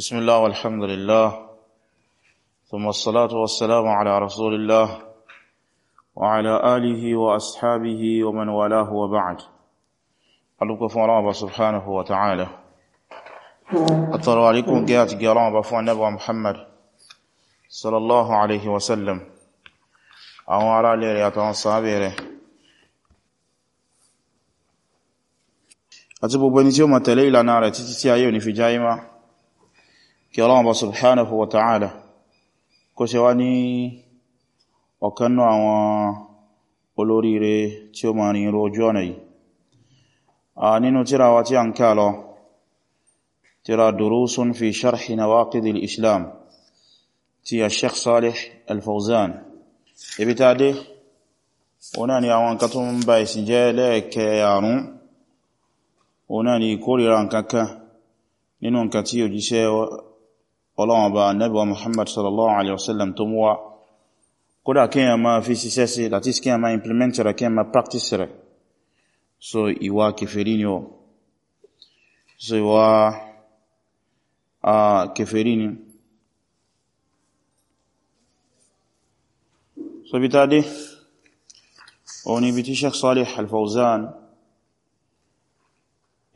بسم الله والحمد لله ثم الصلاة والسلام على رسول الله وعلى آله وأصحابه ومن والاه وبعد ألوك فرابة سبحانه وتعالى أطلع عليكم قيات قرابة نبو محمد صلى الله عليه وسلم أو أرى لي يتوصى بيره أتبو بني تيوم تليل نار تتتيا في جائمة kí Ọlọ́run subhanahu wa ta'ala kó ṣe wá ní ọ̀kanú àwọn olóríire tí ó máa rìnrò ojú ọ̀nà yìí a nínú tírà wa tí a ń ká lọ tírà durusun fi sharhi nawaqidil islam tí a sheikh salih al ibi ta dé ọ̀nà ni àwọn nǹkan tó ń jẹ́ lẹ́ẹ̀kẹ́ àrùn ọ̀nà ni ìkórìíra nǹkan kan nínú nǹkan tí òjíṣẹ́ ọlọ́run ọba nẹ́bọ̀ Muhammad sallallahu alaihi wasallam tó mú wá kódà kí yẹn máa fi ṣiṣẹ́ sí láti kí yẹn máa implement rẹ̀ kí yẹn máa practice rẹ̀ so ìwà kèfèrí ni ọ so ìwà ah, kèfèrí ni so bí tàdé òun ibi tí Sheikh Salih al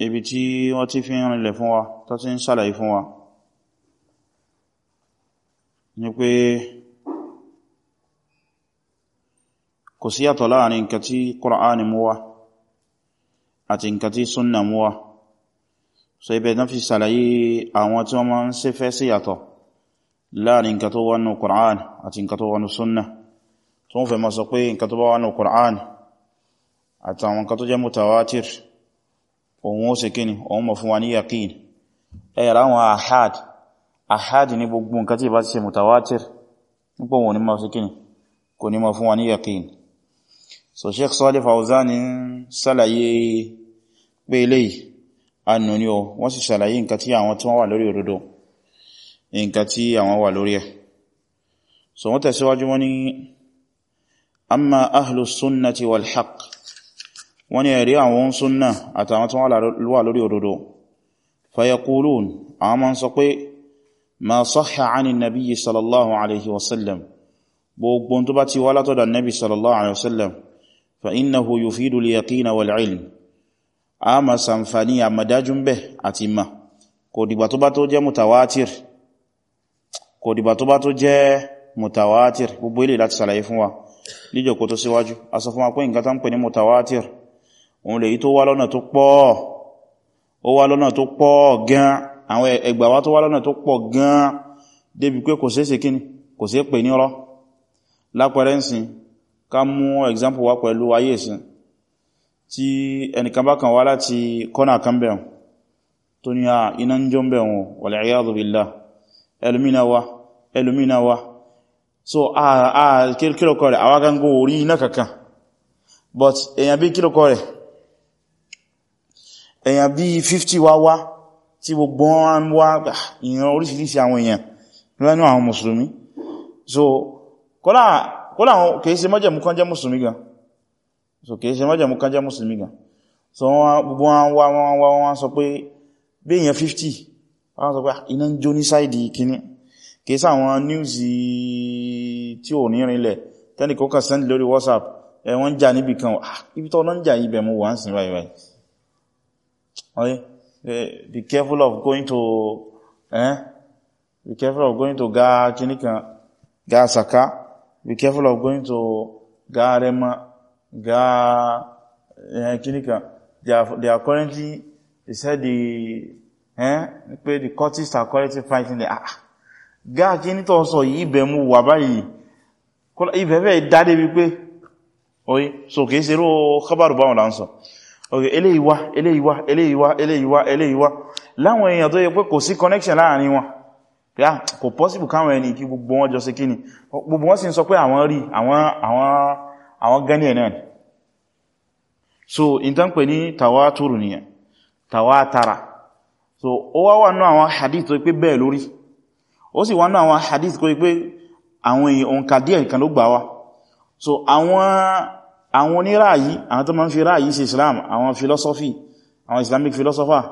ibi tí wọ́n ti fi ń rìnlẹ̀ fún wa tó ti ń ṣàlàyé fún wa ní pé kò sí yàtọ̀ láàrin nǹkan tí Kùránì mú wá àti nǹkan tí súnnà mú wá so ibẹ̀ náà fi sàlàyé àwọn tí wọ́n máa ń ṣe fẹ́ sí yàtọ̀ láàrin nǹkan tó wà nínú Kùránì àti nǹkan tó wà nínú súnnà tó ń fẹ́ máa sọ pé nǹkan tó bá wà nínú Kùránì àwọn àhádì ní gbogbo nǹkan tí ìbá ti ṣe mutawatir nípò wọn ni ma fi kíni kò ní ma fún wa ní yaqin so Sheikh Salih Fawzani ṣàlàyé pé eléyìí anù ni o wọ́n sì ṣàlàyé nǹkan tí àwọn tí wọ́n wà lórí òdodo nǹkan tí àwọn wà lórí ẹ̀ so wọ́n tẹ̀síwájú wọ́n ni amma ahlus sunnati wal haqq wọ́n ni ẹ̀rí àwọn sunna àtàwọn tí wọ́n wà lórí òdodo fayakulun àwọn ma ń sọ pé ma sahha 'ani an-nabiy sallallahu alayhi wa sallam gbogbo tó bá ti wá látọ̀dọ̀ nabi sallallahu alayhi wa sallam fa innahu yufidu al-yaqina wal-'ilm a ma sàǹfàní a madájú ń bẹ̀ àti ma kò dìgbà tó bá tó jẹ́ mutawatir kò dìgbà tó bá tó jẹ́ mutawatir gbogbo ilé láti sàlàyé fún wa níjọ̀kó tó síwájú a sọ fún wa pé nǹkan pè ní mutawatir òun lè yí tó wá lọ́nà tó pọ̀ ó wá lọ́nà tó pọ̀ gan-an àwọn ẹgbà wá tó wá lọ́nà tó pọ̀ gan débi pé kò ṣeéṣe kíni kò ṣeé pè ní ọ̀rọ̀ lápẹẹrẹ ń sin ká mú example wá pẹ̀lú ayé ìsin tí ẹnìkan bá kan wá láti kọ́nà kan bẹ̀rùn tó ní à ah, iná ń jọ bẹ̀rùn wal-iyadhu billah ẹlùmínà wá ẹlùmínà wá so but èyàn bí kílòkọ rẹ̀ èyàn bí 50 wá wá tí gbogbo wọn ń wá ah, ìran oríṣiríṣi àwọn èèyàn lẹ́nu àwọn mùsùlùmí so kọ́lá àwọn kìí ṣe mọ́jẹ̀mú kan jẹ́ mùsùlùmí gan so kìí ṣe mọ́jẹ̀mú kan jẹ́ mùsùlùmí gan so gbogbo wọn wá wọn wá wọn sọ pé bí èèyàn 50 wọn sọ pé ah, iná ń jó ní sáìdì kìíní kìí sá àwọn níwùsì tí ò ní rinlẹ̀ tẹ́nì kọ́kà send lórí whatsapp ẹ̀ wọ́n jà níbì kan ah, ibi tọ́ lọ́n jà ibẹ̀ mú wà ń sin báyìí báyìí Eh, be, careful of going to eh be careful of going to ga kinika ga saka be careful of going to ga rema ga eh kinika they are, they are currently they said the eh pe the cultists are currently fighting the ah ga kini tó sọ yìí be mu wà báyìí ko ibe be dade bí pé oyi so ke se ro khabaru ba là ń sọ okay eléyìí wá eléyìí wá eléyìí wá eléyìí wá eléyìí wá láwọn èèyàn tó yẹ pé kò sí connection láàrin wọn yá ah, kò possible káwọn ẹni kí gbogbo wọn jọ sí kíni gbogbo wọn sì ń sọ pé àwọn rí àwọn gani ẹ̀ ni so in tán pè ní tawátúrù nìyẹn tara. so ó wá wà náà àwọn hadith tó pé bẹ́ẹ̀ lórí ó sì wà náà àwọn hadith tó pé àwọn èèyàn òǹkà díẹ̀ kan ló gbà wá so àwọn àwọn oníráyí àwọn tó ma ń fi ráyí sí islam àwọn philosophy àwọn islamic philosopher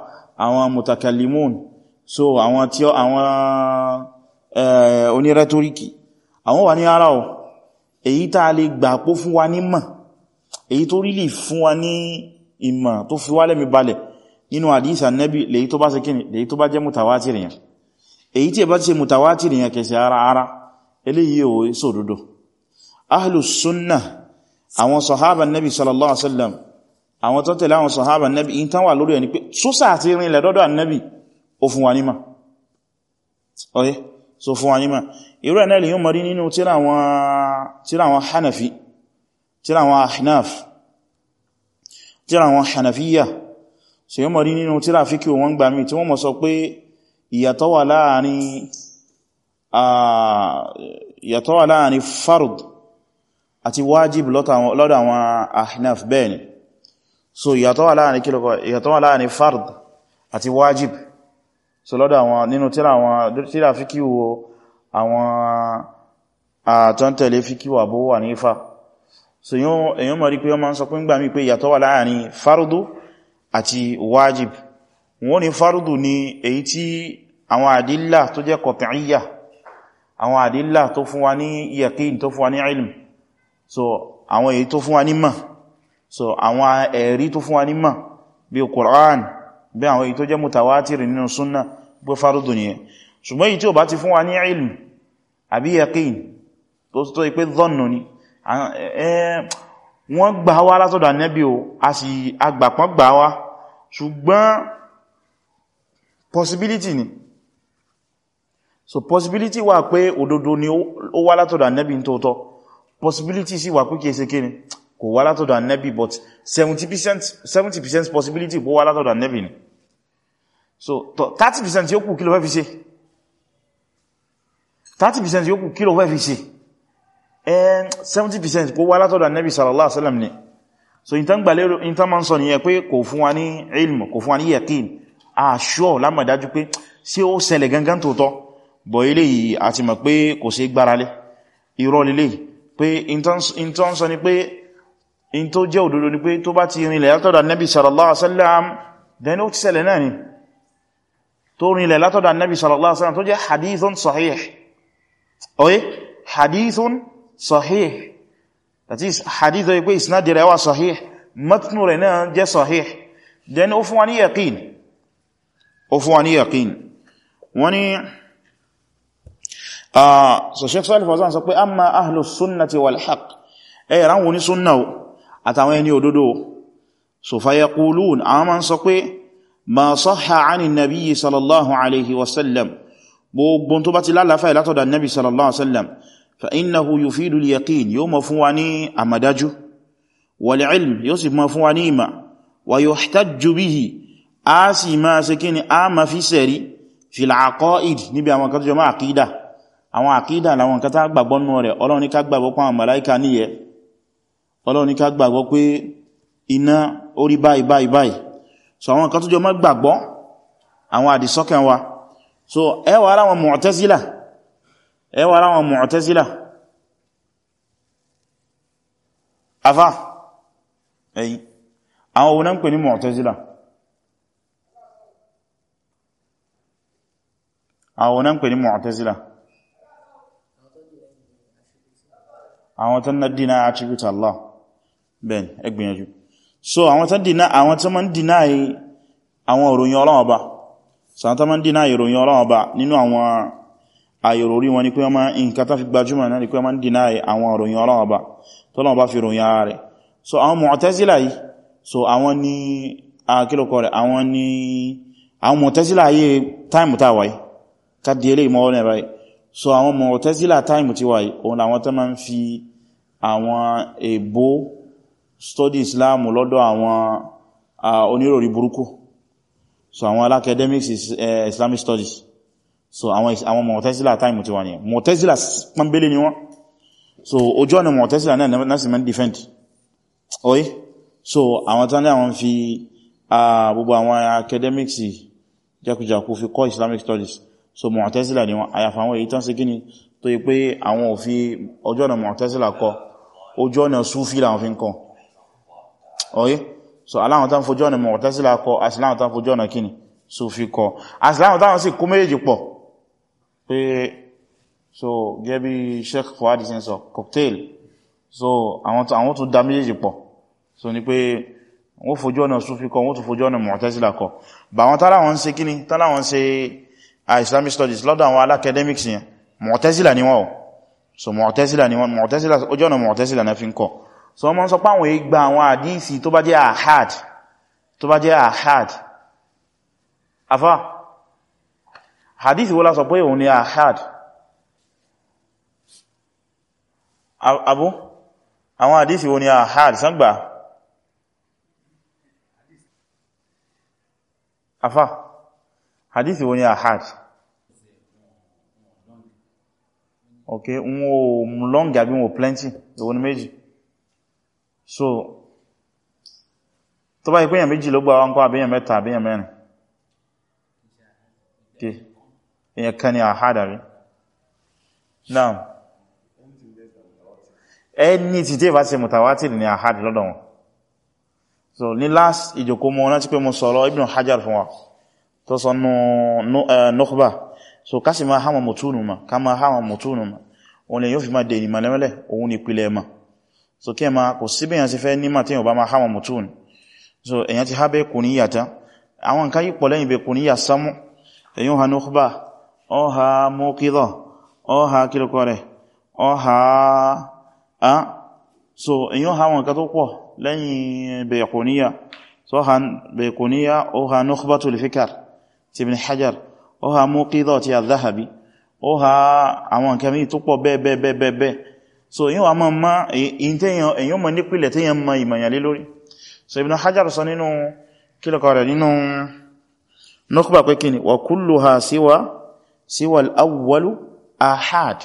àwọn mutakallimun so àwọn tí àwọn onírẹ́tóríkì àwọn wà ní ara ọ̀ èyí tàà lè gbà pó fún wa ní mọ̀ èyí tó rí lè fún wa ní ìmọ̀ tó fi wá lẹ́mi balẹ̀ nínú àdísà nẹ́bí lèyí tó bá ṣe kíni lèyí tó bá jẹ́ mutawátìrì yẹn èyí tí ẹ bá ti ṣe mutawátìrì yẹn kẹsẹ̀ ara ara eléyìí ò sódodo ahlus sunnah àwọn sọ̀hábà nẹ́bí sallallahu alaihi wasallam àwọn tó tẹ̀lé àwọn sọ̀hábà nẹ́bí in tán wà lórí ẹni pé sósà àti rin ilẹ̀ dọ́dọ̀ nẹ́bí ó fún wa níma ọ̀yẹ́ so fún wa níma irú ẹ̀ nẹ́lì yóò mọ̀rí nínú tíra àwọn hanafi tíra àwọn ahnaf tíra àwọn hanafiya so yóò mọ̀rí nínú tíra fíkí fard àti wájìb lọ́dọ̀ àwọn ahnaf bẹ́ẹ̀ ni so ìyàtọ̀ wà láàrin kílọ̀kọ̀ ìyàtọ̀ wà láàrin fard àti wájìb so lọ́dọ̀ àwọn nínú tíra fíkíwò àwọn àtọ́ntẹ̀lé fíkíwò àbó wà ní ifá so èyàn mọ̀ rí pé ọmọ sọ pé ń gbà mí pé ìyàtọ̀ wà láàrin fardu àti wájìb wọ́n ni fardu ni èyí tí àwọn àdílà tó jẹ́ kọ̀tàíyà àwọn àdílà tó fún wa ní yaqin tó fún wa ní ilm so àwọn èyí tó fún wa ní mọ̀ so àwọn ẹ̀rí tó fún wa ní mọ̀ bí i Qur'an bí àwọn èyí tó jẹ́ mutawatiri nínú súnnà bí farudun yẹn ṣùgbọ́n èyí tí ó bá ti fún wa ní ilm àbí yaqin tó tó ipé dhannu ni wọ́n gbà wá látọ̀dọ̀ Ànábì o a sì agbàpán gbà wá ṣùgbọ́n possibility ni so possibility wà pé òdodo ni ó wá látọ̀dọ̀ Ànábì tó tọ́ possibility sí wà pínkì ẹsẹ kíni kò wá látọ̀dọ̀ annabi but 70%, 70 possibility kò wá látọ̀dọ̀ annabi ni so 30% yóò kù kí ló fẹ́ fi ṣe 30% yóò kù kí ló fẹ́ fi ṣe and 70% kò wá látọ̀dọ̀ annabi sallallahu alaihi wasallam ni so in tan gbalero in tan man sọ nìyẹn pé kò fún wa ní ilm kò fún wa ní yaqin a sure la mọ̀ dájú pé ṣé ó ṣẹlẹ̀ gangan tòótọ́ bọ̀ eléyìí àti mọ̀ pé kò ṣe gbáralé irọ́ lélẹ́yìí pé in tó ń sọ ni pé in tó jẹ́ òdodo ni pé tó bá ti rinlẹ̀ látọ̀dọ̀ Nabi sallallahu alaihi wasallam then ó ti ṣẹlẹ̀ náà ni tó rinlẹ̀ látọ̀dọ̀ Nabi sallallahu alaihi wasallam tó jẹ́ hadithun sahih oye hadithun sahih that is hadith tó yí pé isnadi rẹ̀ wọ́n ni Ah, so Sheikh Salih Fawzan sọ pé amma ahlus sunnati wal haqq ẹ ran woni sunna o àtàwọn ẹni òdodo so fa yaqulun aman sọ pé ma sahha ani nabi sallallahu alaihi wasallam gbogbo tó bá ti lálàáfà ìlátọ̀dà nabi sallallahu alaihi wasallam fa innahu yufidu al yaqin yóò ma fún wal ilm yóò ma fún wa wa yuhtajju bihi a sì ma ṣe kíni fi sẹ̀rí aqaid níbi àwọn kan tó jọ àwọn àkídà làwọn nǹkan tá gbàgbọ́ nù rẹ̀ ọlọ́run ní ká gbàgbọ́ pé àwọn màláíkà níyẹ ọlọ́run ní ká gbàgbọ́ pé iná orí báyìí báyìí so àwọn nǹkan tó jọ mọ́ gbàgbọ́ àwọn àdìsọ́kàn wa so ẹwà ara wọn Mu'tazila ẹwà ara wọn Mu'tazila àwọn tán na dínà attribute Allah Ben, ẹgbìyànjú so àwọn tán dínà àwọn tán máa ń dínà àwọn ìròyìn Ọlọ́run Ọba so àwọn tán máa ń dínà ìròyìn Ọlọ́run Ọba nínú àwọn àyòrò orí wọn ni pé wọ́n máa ń nǹkan gbajúmọ̀ náà ni pé wọ́n máa ń dínà àwọn ìròyìn Ọlọ́run Ọba tọ́lọ́run bá fi so àwọn Mu'tazila yìí so àwọn ni akílòkọ rẹ̀ àwọn ni àwọn Mu'tazila yìí táìmù táwàá yìí so àwọn Mu'tazila táìmù tí wáyé òun làwọn tó máa ń fi àwọn èbó study Islam lọ́dọ̀ àwọn oníròrí burúkú so àwọn alákẹ́dẹ́mìs Islamic studies so àwọn Mu'tazila táìmù tí wáyé Mu'tazila pọ́nbélé ni wọ́n so ojú ọ̀nà Mu'tazila náà sì mẹ́n defend oye so àwọn tán ní àwọn fi gbogbo academics jákujàku fi kọ́ Islamic studies so mu'tazila ni wọ́n àyàfà àwọn èyí tán sí kíni tó yí pé àwọn ò fi ọjọ́ ọ̀nà mu'tazila kọ ojú ọ̀nà súfí làwọn fi ń kọ ọ̀yí so aláwọn tán fojú ọ̀nà mu'tazila kọ asìláwọn tán fojú ọ̀nà kíni súfí kọ asìláwọn tán sì kó méjèèjì pọ̀ pé so gebi sheikh fuhadi sin so cocktail so àwọn tó dá méjèèjì pọ̀ so ni pe wọ́n fojú ọ̀nà súfí kọ wọ́n tó fojú ọ̀nà mu'tazila kọ bà wọn tálà wọn ṣe kini tálà wọn ṣe Ah, islamic studies lọ́dọ̀ àwọn alákẹ́dẹ́mìkì yẹn mọ̀tẹ́sílà ni wọ́n so mọ̀tẹ́sílà ni wọ́n mọ̀tẹ́sílà ojú ọ̀nà mọ̀tẹ́sílà na fi ń kọ̀ so wọ́n mọ́ sọ páwọn igba àwọn àdíìsì tó bá jẹ́ ahad tó bá jẹ́ ahad afá hadisi wọ́n lásọ pé òun ni ahad abú àwọn àdíìsì wọ́n ni ahad sángbà afá hadisi wọ́n ni ahad ok wọn o long àbí wọn o plenty ìwọ̀n méjì so tó bá ìpéyàn méjì ló gbà wọn kọ́ àbíyàn mẹ́ta àbíyàn mẹ́rin ok èyàn kan ni àhádàrí now ẹni tí tí ìfà sí mutawatir ni àhádì lọ́dọ̀ wọn so ní last ìjòkó mọ́ náà ti pé mo sọ̀rọ̀ Ibn Hajar fún wa tó sọ nù no, no, uh, so ká sì máa hámà mọ̀túnù ma ká máa hámà mọ̀túnù ma òun lè yóò fi máa dè ìmọ̀ lẹ́mẹ́lẹ̀ òun ni ìpìlẹ̀ ma so kí ẹ ma kò síbẹ̀ yàn sí fẹ́ nímà tí yàn bá máa hámà mọ̀túnù so èyàn ti hábẹ́ kò níyà ta àwọn nǹkan yípo lẹ́yìn bẹ kò níyà sámú èyàn ha nukhba ọ ha mọ́kídọ̀ ọ ha kílùkọ rẹ̀ ọ ha a so èyàn ha wọn nǹkan tó pọ̀ lẹ́yìn bẹ kò níyà so ha bẹ kò níyà ọ ha nukhbatul fikr ti ibn hajar ó ha mú kídọ̀ ti àdáhàbí ó ha àwọn nǹkan mìí tó pọ̀ bẹ́ẹ̀bẹ́ẹ̀bẹ́ẹ̀ so yíò wà máa èyàn mọ̀ nípìlẹ̀ tí yẹn mọ ìmọ̀yàn lé lórí so Ibn Hajar sọ nínú kílọ̀kọ̀ rẹ̀ nínú nọ́kùbà pé kíni wa kulluha siwa siwa al-awwalu ahad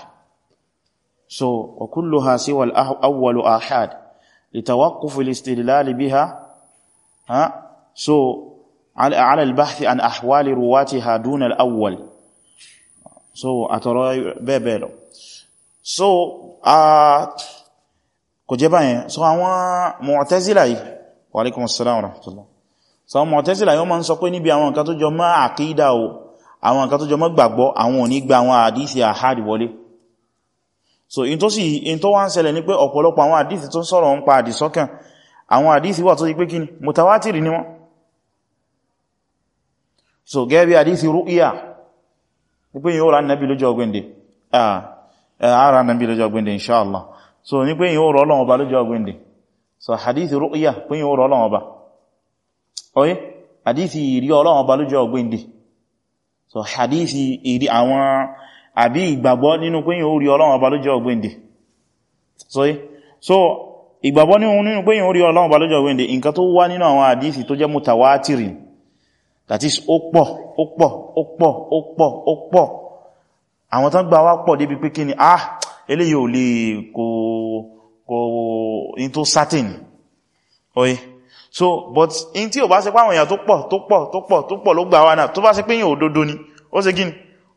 so wa kulluha siwa al-awwalu ahad litawaqquf al-istidlal biha ha so على البحث عن أحوال رواتها دون الأول so àtọ̀rọ̀ bẹ́ẹ̀bẹ́ẹ̀ lọ so kò jẹ báyẹn so àwọn Mu'tazila yìí wa alaikum assalam wa rahmatullah so àwọn Mu'tazila yìí wọ́n ma ń sọ pé níbi àwọn nǹkan tó jọ mọ́ àkídà o àwọn nǹkan tó jọ mọ́ gbàgbọ́ àwọn ò gba àwọn àdísì àhádì wọlé so in tó sì in tó wá ń ṣẹlẹ̀ ní pé ọ̀pọ̀lọpọ̀ àwọn àdísì tó sọ̀rọ̀ ń pa àdìsọ́kàn àwọn àdísì wà tó ti pé ni wọ́n so gẹ́bí àdísì rúíyà ní pé yíó rà nàbí lójọ́ ọgbẹ̀ndẹ̀ ara nàbí lójọ́ ọgbẹ̀ndẹ̀ inṣáàlá so ní pé yíó rọ Ọlọ́run Ọba lójọ́ so àdísì rúíyà pé yíó rọ Ọlọ́run Ọba oye àdísì ìrí Ọlọ́run Ọba lójọ́ ọgbẹ̀ndẹ̀ so àdísì ìrí àwọn àbí ìgbàgbọ́ nínú pé yíó rí Ọlọ́run Ọba lójọ́ ọgbẹ̀ndẹ̀ so so ìgbàgbọ́ nínú pé yíó rí Ọlọ́run Ọba lójọ́ ọgbẹ̀ndẹ̀ nǹkan tó wá nínú àwọn àdísì tó jẹ́ mutawatirin that is ó pọ̀ ó pọ̀ ó pọ̀ ó pọ̀ ó pọ̀ àwọn tán gbà wá pọ̀ débi pé kí ni ah eléyìí ò lè kò kò in certain oye so but in tí ò bá ṣe pé àwọn èèyàn tó pọ̀ tó pọ̀ tó pọ̀ tó pọ̀ ló gbà wá náà tó bá ṣe pé yìn òdodo ni ó ṣe gíní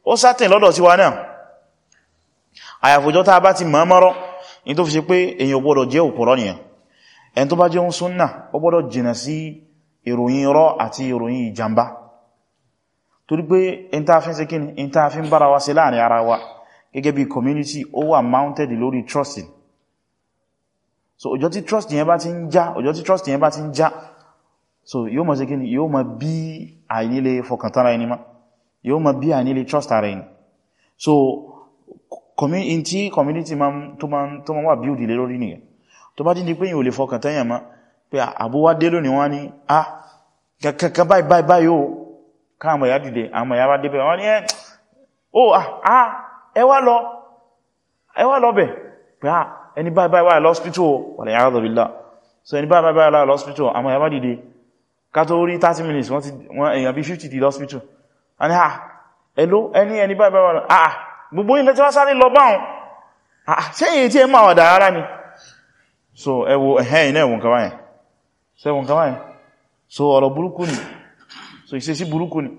ó certain lọ́dọ̀ sí wa náà àyàfòjọ́ tá bá ti mọ̀ mọ́rọ́ in tó fi ṣe pé èèyàn ò gbọ́dọ̀ jẹ́ òpùrọ́ nìyàn ẹni tó bá jẹ́ ń súnnà ó gbọ́dọ̀ jìnà sí ìròyìn irọ́ àti ìròyìn ìjàmbá torí pé intafin ṣe kíni intafin bára wa ṣe láàrin ara wa gẹ́gẹ́ bí community ó wà mounted lórí trusting so ọjọ́ tí trust yẹn bá ti ń já ọjọ́ tí trust yẹn bá ti ń já so yóò mọ̀ ṣe kíni yóò mọ̀ bí àìnílé fọkàntara ẹni ma yóò mọ̀ bí àìnílé trust ara ẹni so community tí community tó ma wà build lé lórí nìyẹn tó bá dín di pé yìí ò lè fọkàntẹ́yàn ma pé àbúwá dé lónìí wọ́n ní ah kẹkẹkẹ báyìí báyìí báyìí o káàmọ̀ ìyá dìde àmọ̀ ìyá bá dé bẹ̀rẹ̀ wọ́n ní ẹ́ eh, o ah, ah ẹ wá lọ ẹ wá lọ bẹ̀ pé ah ẹni báyìí báyìí wà lọ́spítò wàlẹ̀ yàrá so ẹni báyìí báyìí wà lọ́spítò àmọ̀ ìyá bá dìde ká tó rí minutes wọ́n ti wọ́n èèyàn di lọ́spítò àní ah ẹló ẹni ẹni báyìí báyìí wà ah, ah gbogbo ilẹ̀ tí wọ́n sáré ah sẹ́yìn ah, tí ẹ máa wà dára so ẹwọ ẹ̀hẹ́ ìnẹ́ ìwọ̀n kan sẹ́wọ̀n kama ẹ̀ so ọ̀rọ̀ burúkú ni so ìṣesí burúkú ni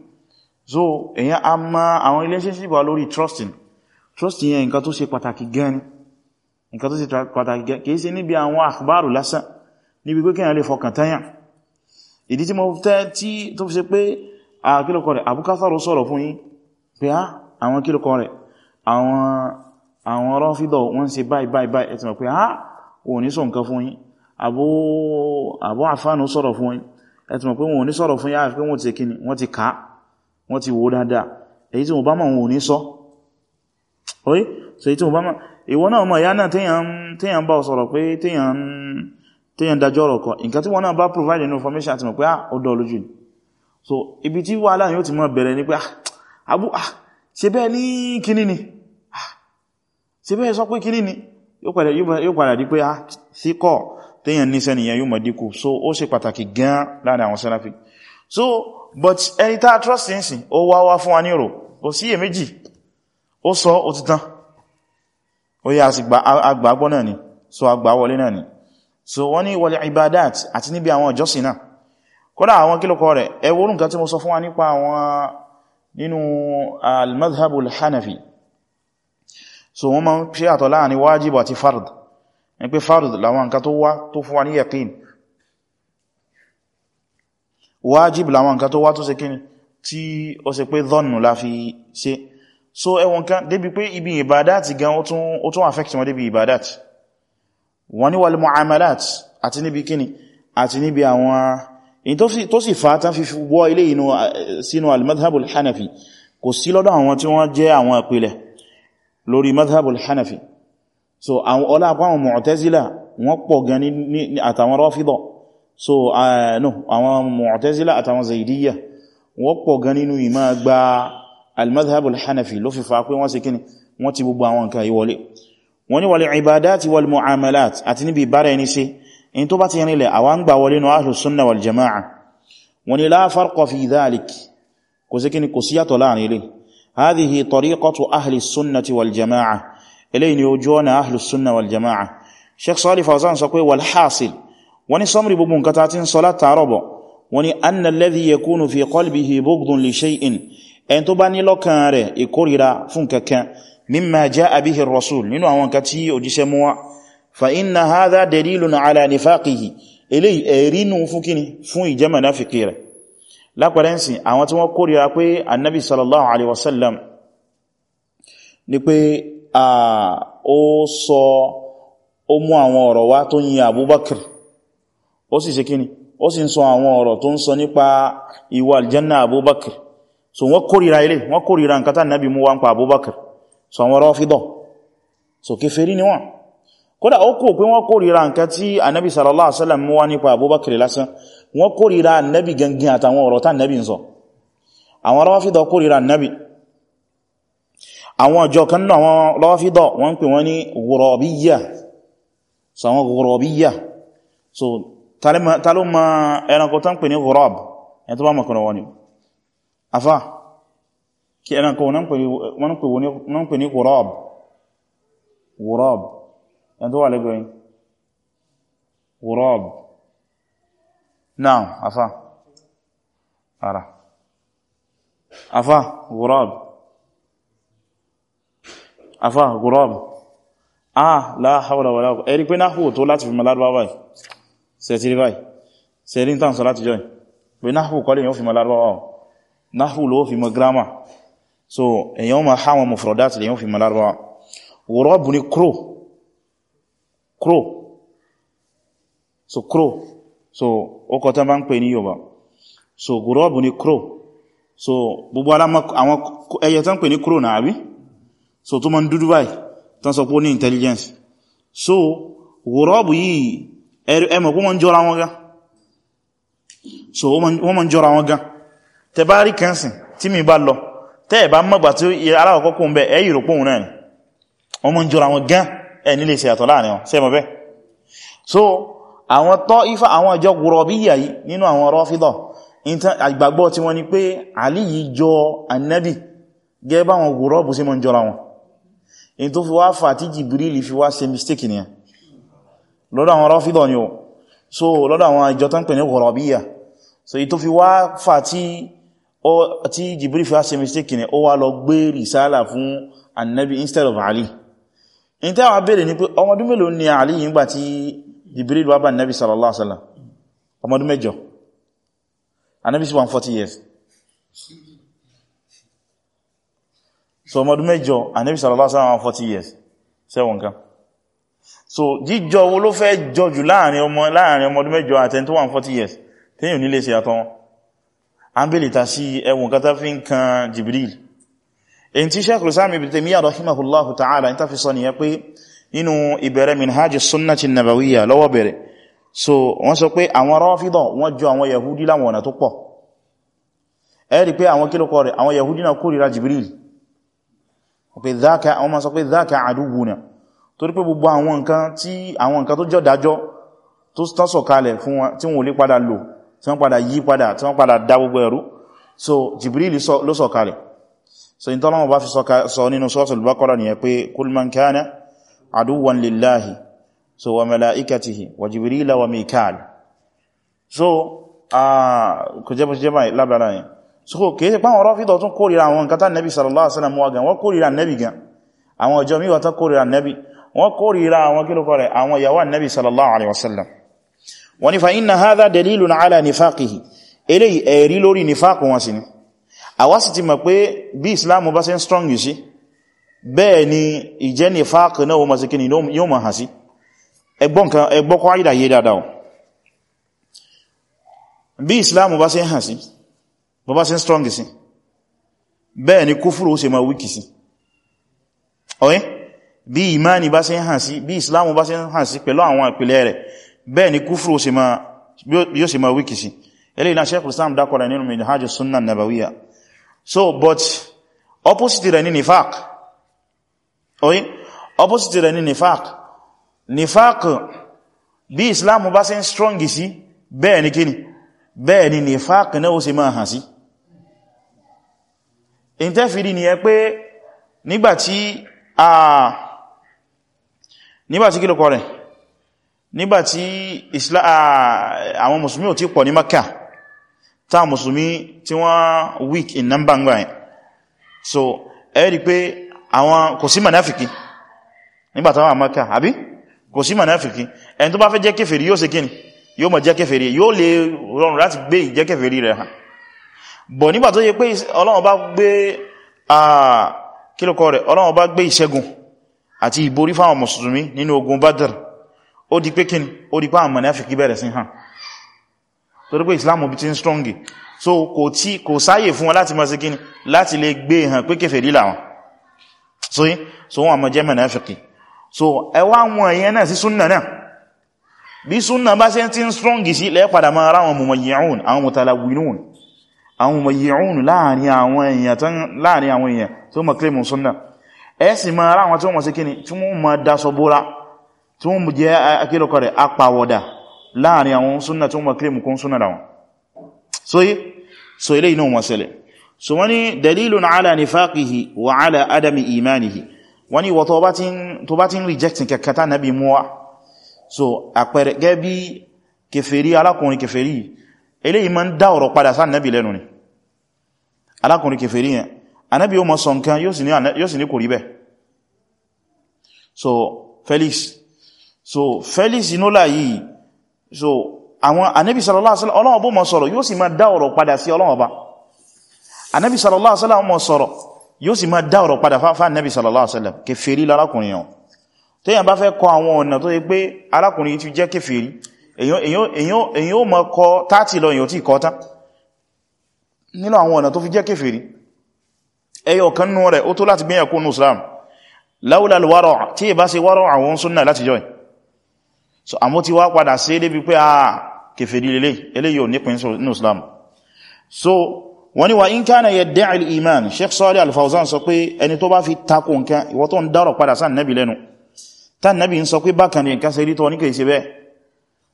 so èyàn a ma àwọn relationship wà lórí trusting trust yẹn nǹkan tó ṣe pàtàkì gan ni nǹkan tó ṣe pàtàkì gan kìí ṣe níbi àwọn àkbárù lásán níbi pé kíyàn lè fọkàn tẹ́yàn ìdí tí mo tẹ́ tí tó fi ṣe pé àkílùkọ rẹ̀ àbúkátàrò sọ̀rọ̀ fún yín pé á àwọn kílùkọ rẹ̀ àwọn rọ́fídọ̀ wọ́n ṣe báyìí báyìí báyìí pé á ò sọ nǹkan fún yín àbọ́ àfánù sọ̀rọ̀ fún ẹtùmọ̀ pé wọn ò ní sọ̀rọ̀ fún yáà pé wọ́n ti kíni wọ́n ti ká wọ́n ti wò dáadáa èyí tí wọ́n bá mọ̀ wọn ò ní sọ oye so èyí tí wọ́n bá mọ̀ ìwọ náà mọ̀ ìyá náà téyàn bá sọ̀rọ̀ pé téyàn dájọ́ ọ̀rọ̀ provide new information àti mọ̀ pé ah, ó dọ̀ lójú ni so ibi tí wàhálà yóò ti mọ̀ bẹ̀rẹ̀ ni pé ah, àbú ah, ṣe ni ṣe bẹ́ẹ̀ sọ pé kíní ni yóò padà di téèyàn níṣẹ́ nìyẹn yóò mọ̀ díkù so ó ṣe pàtàkì gan láàrin àwọn sẹ́láfì so but ẹni tá trust ń sìn ó wá wá fún wa ní ìrò kò sí iye méjì ó sọ ó ti tán ó yá àgbàgbọ́ náà ni so àgbàwọlé náà ni so wọ́n ní wal ibadat àti níbi àwọn ìjọsìn náà kódà àwọn kílùkọ rẹ̀ ẹwọ́rùn kan tí mo sọ fún wa nípa àwọn nínú al-madhhabul hanafi so wọ́n ma ń pí àtọ̀ láàrin wájib àti fard ẹni pé fard làwọn nǹkan tó wá tó fún wa ní yaqin wájib làwọn nǹkan tó wá tó ṣe kíni tí ó ṣe pé dhannu la fi ṣe so ẹwọn kan débi pé ibi ibadat gan ó tún affect wọn débi ibadat wọn ni wal muamalat àti níbi kíni àti níbi àwọn èyí tó sì fa tán fi wọ́ ilé sínú al-madhhabul hanafi kò sí lọ́dọ̀ àwọn tí wọ́n jẹ́ àwọn ìpìlẹ̀ lórí madhhabul hanafi so àwọn ọlápá àwọn Mu'tazila wọ́n pọ̀ gan ní àtàwọn Rafida so no àwọn Mu'tazila àtàwọn Zaidiyya wọ́n pọ̀ gan nínú ìmá gba al-madhhab al-Hanafi ló fi fa pé wọ́n ṣe kíni wọ́n ti gbogbo àwọn nǹkan ìwọlé wọ́n ní wal ibadati wal mu'amalat àti níbi ìbára ẹni sí in tó bá ti rinlẹ̀ àwọn gbà wọlé nù ahlu sunna wal jama'a wọ́n ní la farqa fi kò sí kíni kò síyàtọ̀ láàrin ilé hadhihi tariqatu ahli sunnati wal jama'a eléyìí ni ojú ọ̀nà ahlus sunnah wal jama'a sheikh Saalih Fawzān sọ pé wal haasil wani samri gbogbo nǹkan ta ti ń sọ látàárọ̀ bọ̀ wani anna alladhi yakunu fi qalbihi bughdun li shay'in ẹni tó bá ní lọ́kàn rẹ̀ ìkórira fún kankan mimma jaa bihi ar-rasul nínú àwọn nǹkan tí òjíṣẹ́ mú wá fa inna hadha dalilun ala nifaqihi eléyìí ẹ̀rí nù fún kíni fún ìjẹ́ mùnáfìkí rẹ̀ lápẹrẹnsìn àwọn tí wọ́n kórira annabi sallallahu alaihi wasallam ni pé ó sọ ó mú àwọn ọ̀rọ̀ wá tó yin Abubakar ó sì ṣe kíni ó sì ń sọ àwọn ọ̀rọ̀ tó ń sọ nípa ìwà aljanna Abubakar so wọ́n kórìíra ilé wọ́n kórìíra nǹkan tá nàbí mú wá ń pa Abubakar so àwọn Rāfidah so kèfèrí ni wọ́n kódà ó kò pé wọ́n kórìíra nǹkan tí anábi sallallahu alaihi wasallam mú wá nípa Abubakar lásán wọ́n kórìíra nabi gangan àtàwọn ọ̀rọ̀ tá nàbí ń sọ àwọn Rāfidah kórìíra anábi àwọn ọjọ́ kan náà wọn Rāfidah wọ́n pè wọ́n ní Ghurābiyyah so àwọn Ghurābiyyah so tàló ma ẹranko tán pè ní Ghurāb ẹni tó bá mọ̀kànlọ wọn ni afá kí ẹranko wọ́n pè ní Ghurāb Ghurāb ẹni tó wà lẹ́gbẹ̀ẹ́ Ghurāb náà afá afá gúrọ́bù ah la hawla wala quwwata ẹ̀rí pé náà hù tó láti fi malárùbá báyìí sẹ̀tìrí báyìí sẹ̀rí tàn sọ láti jọin pé náà hù kọ́lẹ̀ yóò fi malárùbá wà náà hù ló fi mọ gírámà so èyàn ma ha wọn mufrodat lè yóò fi malárùbá wà gúrọ́bù ni kúrò so kúrò so ó kọ tán bá so gúrọ́bù ni so gbogbo alámọ́ àwọn ẹyẹ tán pè ní kúrò náà so tó ma ń dúdú báyìí tán sọ pé ó ní intelligence so wòrọ́bù yìí ẹmọ̀ kó ma ń jọra wọn gan so wọ́n ma ń jọra wọn gan tẹ bá rí kẹnsìn tí mi bá lọ tẹ́ ẹ̀ bá mọ́gbà tí aláwọ̀kọ́ kó ń bẹ ẹ̀yìn rò pòun náà ni wọ́n ma ń jọra wọn gan ẹ̀ nílé ṣe àtọ̀ o wọn sẹ́mọ̀ bẹ́ẹ̀ so àwọn tọ́ ifá àwọn ìjọ wòrọ̀bíyà yìí nínú àwọn rọ́fídọ̀ àgbàgbọ́ tí wọ́n ní pé àlì yìí jọ annabi gẹ́gẹ́ báwọn wòrọ̀bù sí mọ́ ń jọra wọn in to fi wá fà tí Jibril fi wá ṣe mistake ni lọ́dọ̀ àwọn Rafida ni o so lọ́dọ̀ àwọn ìjọ tán pè ní Ghurabiyya so in to fi wá fà tí Jibril fi wá ṣe mistake ni ó wá lọ gbé risala fún annabi instead of Ali in tẹ́wà bèèrè ni pé ọmọdún mélòó ni Ali yìí gbà tí Jibril wá bá annabi sallallahu alaihi wasallam ọmọdún mẹ́jọ annabi sí 140 years so ọmọdún mẹ́jọ Ànábì sallallahu alaihi wasallam 40 years sẹ́wọ̀n kan so jíjọ wo ló fẹ́ jọjù láàrin ọmọ láàrin ọmọdún mẹ́jọ àtẹni tó wà 40 years tẹ́yìn nílé sí àtọ́ wọn a ń bèèrè ta sí ẹwọ̀n kátà fi ń kan Jibril èyí tí Shaykh al-Islam Ibn Taymiyyah ta'ala ní tàfi sọ nìyẹn pé nínú ìbẹ̀rẹ̀ Minhaj as-Sunnah so wọ́n sọ pé àwọn Rāfidah wọ́n jọ àwọn Yahudi láwọn ọ̀nà tó pọ̀ ẹ rí rẹ̀ àwọn Yahudi náà Jibril àwọn ma sọ pé dáka àdúgbùnà torí pé gbogbo àwọn nǹkan tí àwọn nǹkan tó jọ dájọ́ tó tọ́sọ̀ kalẹ̀ fún wọn tí wọ́n lè padà lò tí wọ́n padà yí padà tí wọ́n padà dá gbogbo ẹ̀rú so Jibril ló sọ kalẹ̀ so in tọ́lọ́wọ́ bá fi sọ nínú Suratul Baqara nìyẹn pé kul man kana aduwan lillahi so wa mala'ikatihi wa Jibrila wa Mikal so a ah, kò jẹ́ bó ṣe jẹ́ báyìí lábára so kèèsì páwọn rọ́fídọ̀ tún kórìíra àwọn nǹkan tán nẹ́bí sallallahu alaihi wasallam wọ́n gan wọ́n kórìíra nẹ́bí gan àwọn ọjọ́ míwà tán kórìíra nẹ́bí wọ́n kórìíra àwọn kílùkọ́ rẹ̀ àwọn ìyàwó nẹ́bí sallallahu alaihi wasallam wọ́n ní fa inna hadha dalilun ala nifaqihi eléyìí ẹ̀rí lórí nifaqu wọn sí ni àwa sì ti mọ̀ pé bí islam bá ṣe ń strong yìí sí bẹ́ẹ̀ ni ìjẹ́ nifaq náà wọ́n sì hàn sí bó bá strong sí bẹ́ẹ̀ ni kúfúrú ó ṣe máa wíkì sí ọ̀yẹ́ bí ìmáni bá ṣe ń hàn sí bí ìsìláàmù bá ṣe ń hàn sí pẹ̀lú àwọn ìpìlẹ̀ rẹ̀ bẹ́ẹ̀ ni kúfúrú yóò ṣe máa wíkì sí eléyìí náà Shaykhul Islam dákọ̀rẹ̀ nínú Minhaj Sunnah Nabawiyya so but opposite rẹ̀ ni nifak. ọ̀yẹ́ opposite rẹ̀ ni nifak. Nifak. bí ìsìláàmù bá ṣe strong sí bẹ́ẹ̀ ni kíni bẹ́ẹ̀ ni nifak náà ó ṣe máa hàn sí in tẹ́ fìdí ni ẹ pé nígbàtí à nígbàtí kí lókọ rẹ̀ nígbàtí àwọn musulmi ò tí pọ̀ ní Maka táà musulmi tí wọ́n weak in number ngbà yẹn so ẹ rí pé àwọn kò sí manáfikí nígbàtí àwọn Maka àbí kò sí manáfikí ẹni tó bá fẹ́ jẹ́ kèfèrí yóò ṣe kíni yóò mọ̀ jẹ́ kèfèrí yóò lè rọrùn láti gbé ìjẹ́ kèfèrí rẹ̀ hàn bọ̀ nígbà tó yẹ pé Ọlọ́run bá gbé kílùkọ rẹ̀ Ọlọ́run bá gbé ìṣẹ́gun àti ìborí fáwọn mùsùlùmí nínú ogun Badr ó di pé kín ó di pé àwọn mùnáfìkí bẹ̀rẹ̀ sí hàn torí pé Islam bí ti ń strongi so kò tí kò sáyè fún wọn láti máa ṣe kín láti lè gbé hàn pé kèfèrí làwọn so yí so wọn àmọ́ jẹ́ mùnáfìkí so ẹwà wọn èèyàn náà sí súnnà náà bí súnnà bá ṣe ti ń strongi sí lẹ́ẹ̀padà máa ráwọn mùmọ̀yìún àwọn mùtalawinun àwọn mọ̀yí'ún láàrin àwọn èèyàn tí ó mọ̀ kílèmù súnnà ẹ̀ẹ́sì ma ara àwọn tí ó mọ̀ sí kíni tí wọ́n mọ̀ dáṣọ bóra tí wọ́n mọ̀ jẹ́ akílọ́kọ̀ rẹ̀ apàwọ̀dà láàrin àwọn súnnà tí ó mọ̀ kílèmù kún súnnà dáwọn so ilé iná wọn sẹlẹ̀ so wani dalilun ala nifaqihi wa ala adami imanihi wani wọ tó bá ti ń rejectin kẹkẹta nabi eléyìí ma ń dá ọ̀rọ̀ padà sáà nabi lẹ́nu ni alákùnrin kèfèrí yẹn anábi o mọ́ sọ nǹkan yóò sì ní kò rí bẹ́ so Felix so Felix inola yìí so àwọn anábi sallallahu alaihi wasallam ọlọ́wọ́ bó mọ́ sọ̀rọ̀ yóò sì máa dá ọ̀rọ̀ padà sí ọlọ́wọ́ bá anábi sallallahu alaihi wasallam mọ́ sọ̀rọ̀ yóò sì máa dá ọ̀rọ̀ padà fáfá anábi sallallahu alaihi wasallam kèfèrí lárákùnrin yẹn tẹ́yàn bá fẹ́ kọ àwọn ọ̀nà tó yẹ pé arákùnrin ti jẹ́ kèfèrí èyàn ó mọ́ kọ 30 lọ èyàn tí kọ tán nínú àwọn ọ̀nà tó fi jẹ́ kéfèrí ẹyọ kan nú rẹ̀ ó tó láti gbíyàn kó nù islam láúlà lùwárọ̀ tí ìbá wárọ̀ àwọn súnnà láti jọ so àmọ́ ti wá padà sí débi pé a ah, kéfèrí lélẹ̀ eléyìí ò nípin nù so wọ́n ni wà in kana yadda'i al-iman sheikh Salih al-Fawzan sọ pé ẹni tó bá fi takò nǹkan ìwọ tó ń dárọ̀ padà sáà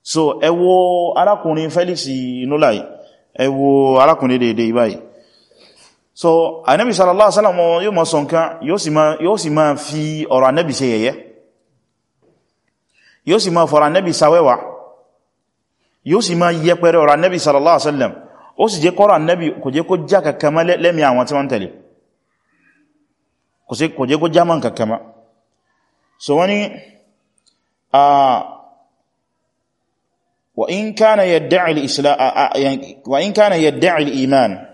so ẹ wo arákùnrin ẹ wo arákùnrin dèdè ìbáyìí so anẹ́bì sallallahu alaihi wasallam yóò mọ́ sọ nǹkan yóò sì máa fi ọ̀rọ̀ anẹ́bì ṣe yẹ̀yẹ́ yóò sì máa fọ̀rọ̀ anẹ́bì sawẹ́wà yóò sì máa yẹpẹrẹ ọ̀rọ̀ anẹ́bì sallallahu alaihi wasallam ó sì jẹ́ kọ́rọ̀ anẹ́bì kò jẹ́ kó já kàkàmá lẹ́mí àwọn tí wọ́n tẹ̀lé kò jẹ́ kó já mọ́ وإن كان يدعي الإسلام آه، آه، يعني وإن كان يدعي الإيمان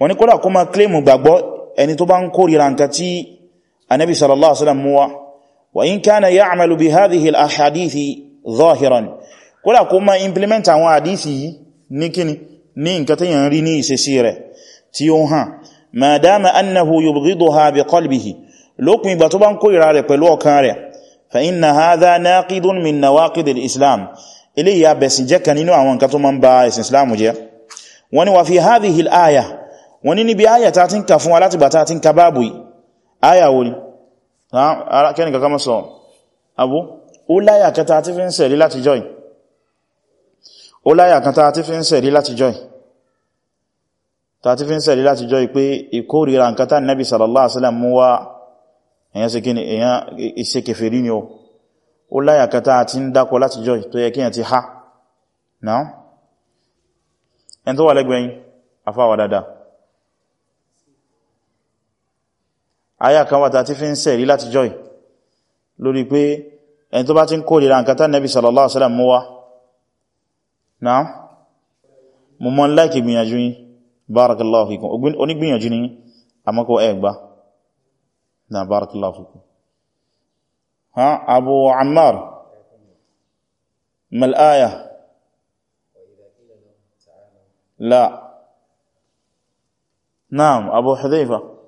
ونقول أكما كلمة بقبو أن تبان كوري لانكتي النبي صلى الله عليه وسلم هو وإن كان يعمل بهذه الأحاديث ظاهرا كل أكما إمبلمنت عن أحاديثي نكني نينكتي ينريني سيسيري تيوها ما دام أنه يبغضها بقلبه لوكم بان كوري لانكتي فإن هذا ناقض من نواقض الإسلام eléyìí abẹ̀sìn jẹ́ kan nínú àwọn nǹkan tó ma ń ba ẹ̀sìn Islam jẹ́ wọ́n ní wà fi hadhihi al-aya wọ́n ní níbi aya ta ti ń ka fún wa láti bàtà ti ń ka báàbù aya wo ni kẹ́ni kankan abu ó láyà kan ta ti fi ń sẹ̀rí láti jọ́ ó láyà kan ta ti fi ń sẹ̀rí láti jọ́ ta ti nabi sallallahu alaihi wasallam mú wá èyàn ṣe ó láyà kẹta àti ń dákọ láti jọ tó yẹ kíyàn ti ha náà ẹn tó wà lẹ́gbẹ̀ẹ́yìn afáwà dáadáa ayá kan wà tí fi ń sẹ̀rí láti jọ lórí pé ẹn tó bá ti ń kó ìrìnà nǹkan nẹ́bí sallallahu alaihi wasallam mú wá náà mo mọ́ láìkì gbìyànjú yín barakallahu fikum onígbìyànjú ni àmọ́kọ̀ ẹgbà náà ها أبو عمار ما الآية لا نعم أبو حذيفة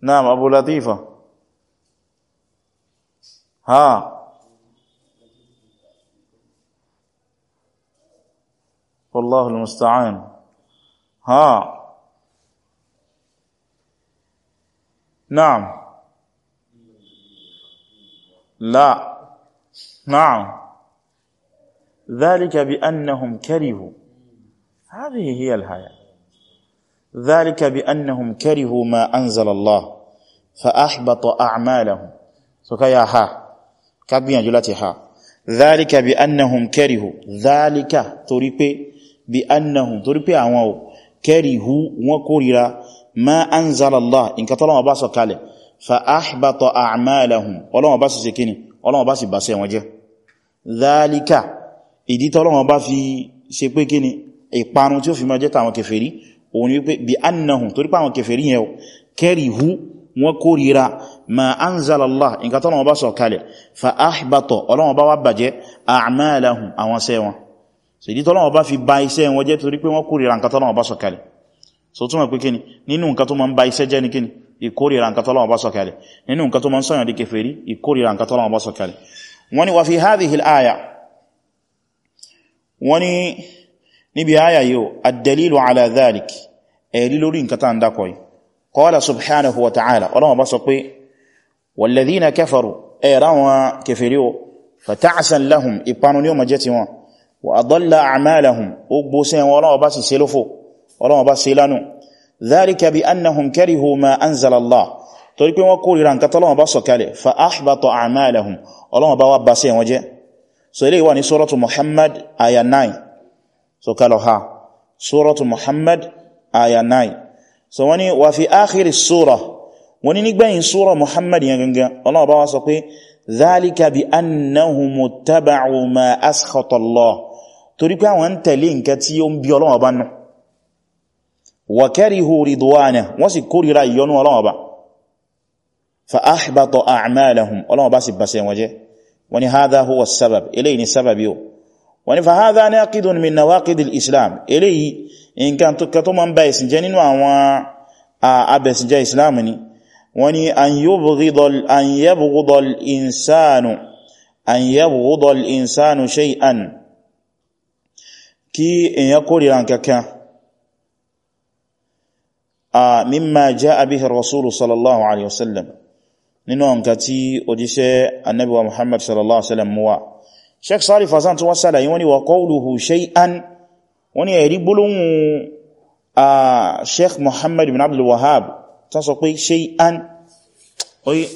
نعم أبو لطيفة ها والله المستعان ها na'am la na'am ذلك بأنهم كرهوا هذه هي الحياة ذلك بأنهم كرهوا ما أنزل الله فأحبط أعمالهم سكيا ها كابيا جلاتي ها ذلك بأنهم كرهوا ذلك تريبي بأنهم تريبي أعوان كرهوا وكررا ma anzalallah in ka tọ́lọ́wọ́ bá sọ kalẹ̀ fa ahbata a'malahum ọlọ́wọ́ bá sì ṣe kíni ọlọ́wọ́ bá sì bá ṣe wọn jẹ́ dhalika ìdí tọ́lọ́wọ́ bá fi ṣe pé kíni ìparun tí ó fi máa jẹ́ tàwọn kèfèrí òun wípé bí annahum torí pàwọn kèfèrí yẹn karihu wọn kórìíra ma anzalallah in ka tọ́lọ́wọ́ bá sọ kalẹ̀ fa ahbata ọlọ́wọ́ bá wá bàjẹ́ a'malahum àwọn ṣẹ́ wọn so ìdí tọ́lọ́wọ́ bá fi ba iṣẹ́ wọn jẹ́ torí pé wọ́n kórìíra nǹkan tọ́lọ́wọ́ bá sọ kalẹ̀ so túnmọ̀ pé kíni nínú nǹkan tó ma ń ba iṣẹ́ jẹ́ ní kíni ìkórìíra nǹkan tọ́lọ́wọ́ bá sọ̀kalẹ̀ nínú nǹkan tó ma ń sọ̀yàn di kèfèrí ìkórìíra nǹkan tọ́lọ́wọ́ bá sọ̀kalẹ̀ wọ́n ni wà fi hadhihi al-aya wọ́n ni níbi aya yóò ad-dalilu ẹ̀rí lórí ọlọ́wọ́n bá ṣe lánú dhalika bi annahum karihu ma anzala Allah torí pé wọ́n kórìíra nǹkan tọ́lọ́wọ́n bá sọ̀kalẹ̀ fa ahbata a'malahum ọlọ́wọ́n bá wá bá ṣe wọn jẹ́ so ilé wà ní suratu Muhammad aya 9 so kalọ̀ ha suratu Muhammad aya 9 so wani wa fi akhiri sura wani nígbẹ̀yìn sura Muhammad yẹn gangan ọlọ́wọ́n torí pé àwọn tẹ̀lé nǹkan tí ó ń bí ọlọ́wọ́n bá náà wa karihu ridwana wọ́n sì kórìíra ìyọnú Ọlọ́run Ọba fa ahbata a'malahum Ọlọ́run Ọba sì basẹ̀ wọn jẹ́ wọ́n ni hadha huwa sabab eléyìí ni sababi o wọ́n ni fa hadha naqidun min nawaqid al-islam eléyìí nǹkan tó tó ma ń bá ẹ̀sìn jẹ́ nínú àwọn abẹ̀sìnjẹ́ islam ni wọ́n an yabghida al-insanu an yabghida al-insanu shay'an kankan mimma jaa bihi ar-rasul sallallahu alayhi wa sallam nínú nǹkan tí òjíṣẹ́ Ànábì wa Muhammad sallallahu alayhi wa sallam wá Sheikh Salih Fawzān tún wá ṣàlàyé wọ́n ní wa qawluhu shay'an wọ́n ní ẹ̀rí gbólóhùn Sheikh Muhammad ibn Abdul Wahhab tán sọ pé shay'an oye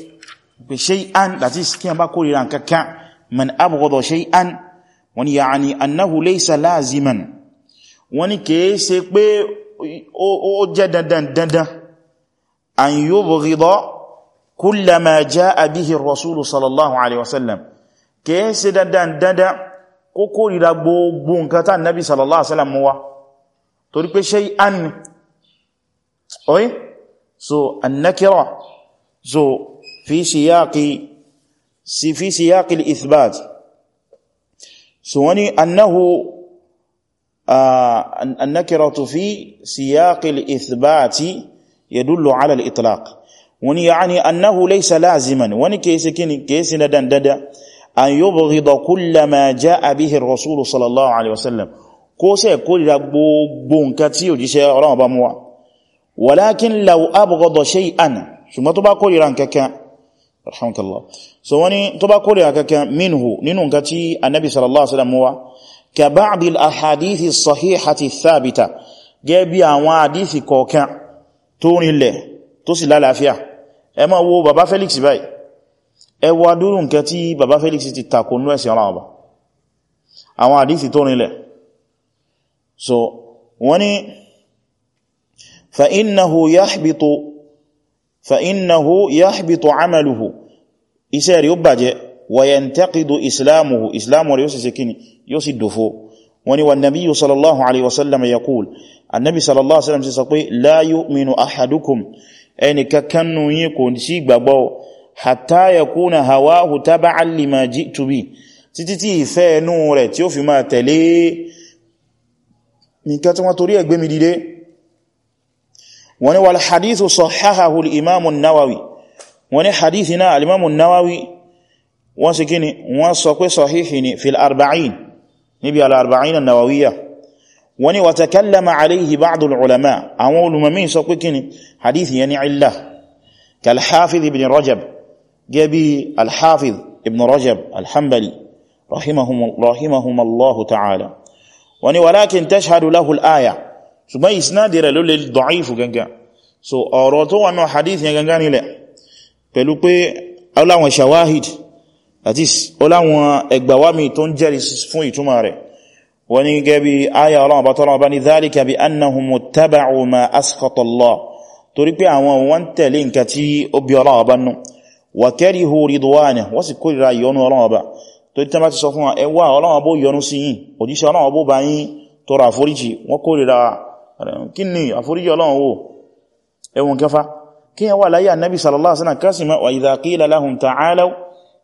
pé shay'an that is kí a bá kórìíra kankan man abghada shay'an wọ́n ya'ni annahu laysa laziman wọ́n ní kèé ṣe ó jẹ́ dandan dandan an yubghida kulla ma jaa bihi rasúlù sallallahu alaihi wasallam kìí ṣe dandan dandan kó kórìíra gbogbo nǹkan tá nabi sallallahu alaihi wasallam mú torí pé shay'an so annakira so fi siyaqi si fi siyaqi al-ithbat so wani annahu النكرة في سياق الإثبات يدل على الإطلاق وني أنه ليس لازما وني كيس كيني كيس ندن ددا أن يبغض كل ما جاء به الرسول صلى الله عليه وسلم كوسي كل ربون كتير جيسي رابا موا ولكن لو أبغض شيئا ثم تبا كل رانككا رحمك الله سواني تبا كل رانككا منه نينو كتي النبي صلى الله عليه وسلم موا كبعض الأحاديث الصحيحة الثابتة جابي àwọn hadisi kọ̀ọ̀kan tó rinlẹ̀ tó sì lálàáfíà ẹ máa wo bàbá Felix báyìí ẹ wo adúrú nǹkan tí bàbá Felix ti takò ní ẹ̀sìn ọ̀rọ̀ ọba àwọn hadisi tó rinlẹ̀ so wọ́n ni فإنه يحبط فإنه يحبط عمله iṣẹ́ rí ó bàjẹ́ وينتقد إسلامه إسلام وليسسكين يوسي الدفو وني والنبي صلى الله عليه وسلم يقول النبي صلى الله عليه وسلم سيقول لا يؤمن أحدكم أين ككنو يكون سيقبا بو حتى يكون هواه تبعا لما جئت به تتتي فانو رẹ̀ tí ó fi máa tẹ̀lé nìkan tí wọ́n torí ẹgbẹ́ mi dìde wọ́n ni wal hadithu sahahahu al-imam an-nawawi wọ́n ni hadithi náà al-imam an-nawawi wọ́n sì kíni wọ́n sọ pé sọ̀híhì ni fil arba'in níbi al'arba'in nawawiya wọ́n ni wa takallama alayhi ba'd al-ulama àwọn olùmọ̀mí sọ pé kíni hadithi yẹn ni illa kalhafiz ibn rajab gẹbi alhafiz ibn rajab alhambali rahimahumallahu ta'ala wọ́n ni walakin tashhadu lahu al-aya ṣùgbọ́n isnadi rẹ̀ ló lè dọ̀ífù gangan so ọ̀rọ̀ tó wà náà hadith yẹn gangan nílẹ̀ pẹ̀lú pé aláwọn shawahid that is ọláwọn ẹgbàwámi tó ń jẹ́rì fún ìtumà rẹ̀ wọ́n ní gẹ́bí ayà ọlọ́wọ́ bá tọ́lọ́wọ́ bá ní dhalika bi annahum muttaba'u ma asqata Allah torí pé àwọn wọ́n tẹ̀lé nǹkan tí ó bí ọlọ́wọ́ bá nú wa karihu ridwana wọ́n sì kórìíra ìyọnú ọlọ́wọ́ bá tó tẹ́ bá ti sọ fún ẹwà ọlọ́wọ́ bó yọnú sí yìí òjíṣẹ́ ọlọ́wọ́ bó bá yín tọrọ àforíjì wọ́n kórìíra kí ni àforíjì ọlọ́wọ́ wò ẹwùn kẹfà kí wà láyé annabi sallallahu alaihi wasallam kásìmọ̀ wa idha qila lahum ta'alaw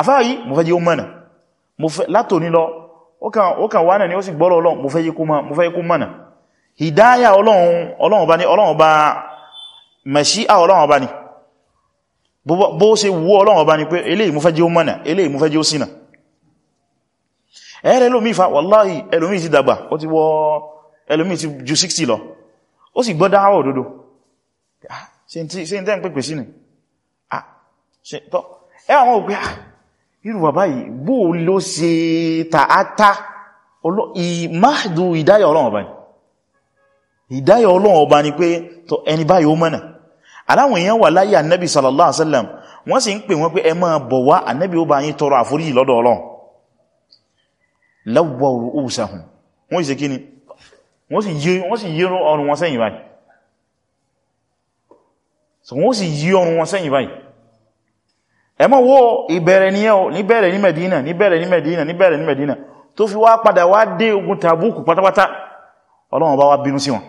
àfáàyí mo fẹ́ jẹ́ ó mọ̀nà látò nílọ ó kàn wánà ní ó sì gbọ́rọ̀ ọlọ́run mo fẹ́ jẹ́ kó mọ̀nà hidaya ọlọ́run bá ní ọlọ́run bá mẹ̀ṣíà ọlọ́run bá ní bó ṣe wú ọlọ́run bá ní pé eléyìí mo fẹ́ jẹ́ ó mọ̀nà eléyìí mo fẹ́ jẹ́ ó ṣìnà ẹ̀rẹ́ ẹlòmí fa wàláhì ẹlòmí ti dàgbà ó ti wọ ẹlòmí ti ju 60 lọ ó sì gbọ́ dáwọ̀ òdodo ah, ṣe ń tẹ́ ń pèpè sí ni ẹwà wọn ò pé ah, irú bàbá yìí bó ló ṣe tààtà ìmáàdù ìdáyà ọlọ́run ọba ni ìdáyà ọlọ́run ọba ni pé tó ẹni báyìí ó mọ̀nà aláwọn èèyàn wà láyé annabi sallallahu alaihi wasallam wọ́n sì ń pè wọ́n pé ẹ máa bọ̀ wá annabi ó bá yín tọrọ àforíjì lọ́dọ̀ ọlọ́run lawwa ru'usahum wọ́n sì kíni wọ́n sì yí ọrùn wọn sẹ́yìn báyìí ẹmọ́ wo ìbẹ̀rẹ̀ ní ẹ̀ níbẹ̀rẹ̀ ní Medina níbẹ̀rẹ̀ ní Medina níbẹ̀rẹ̀ ní Medina tó fi wá padà wá dé ogun Tabuku pátápátá Ọlọ́run bá wá bínú sí wọn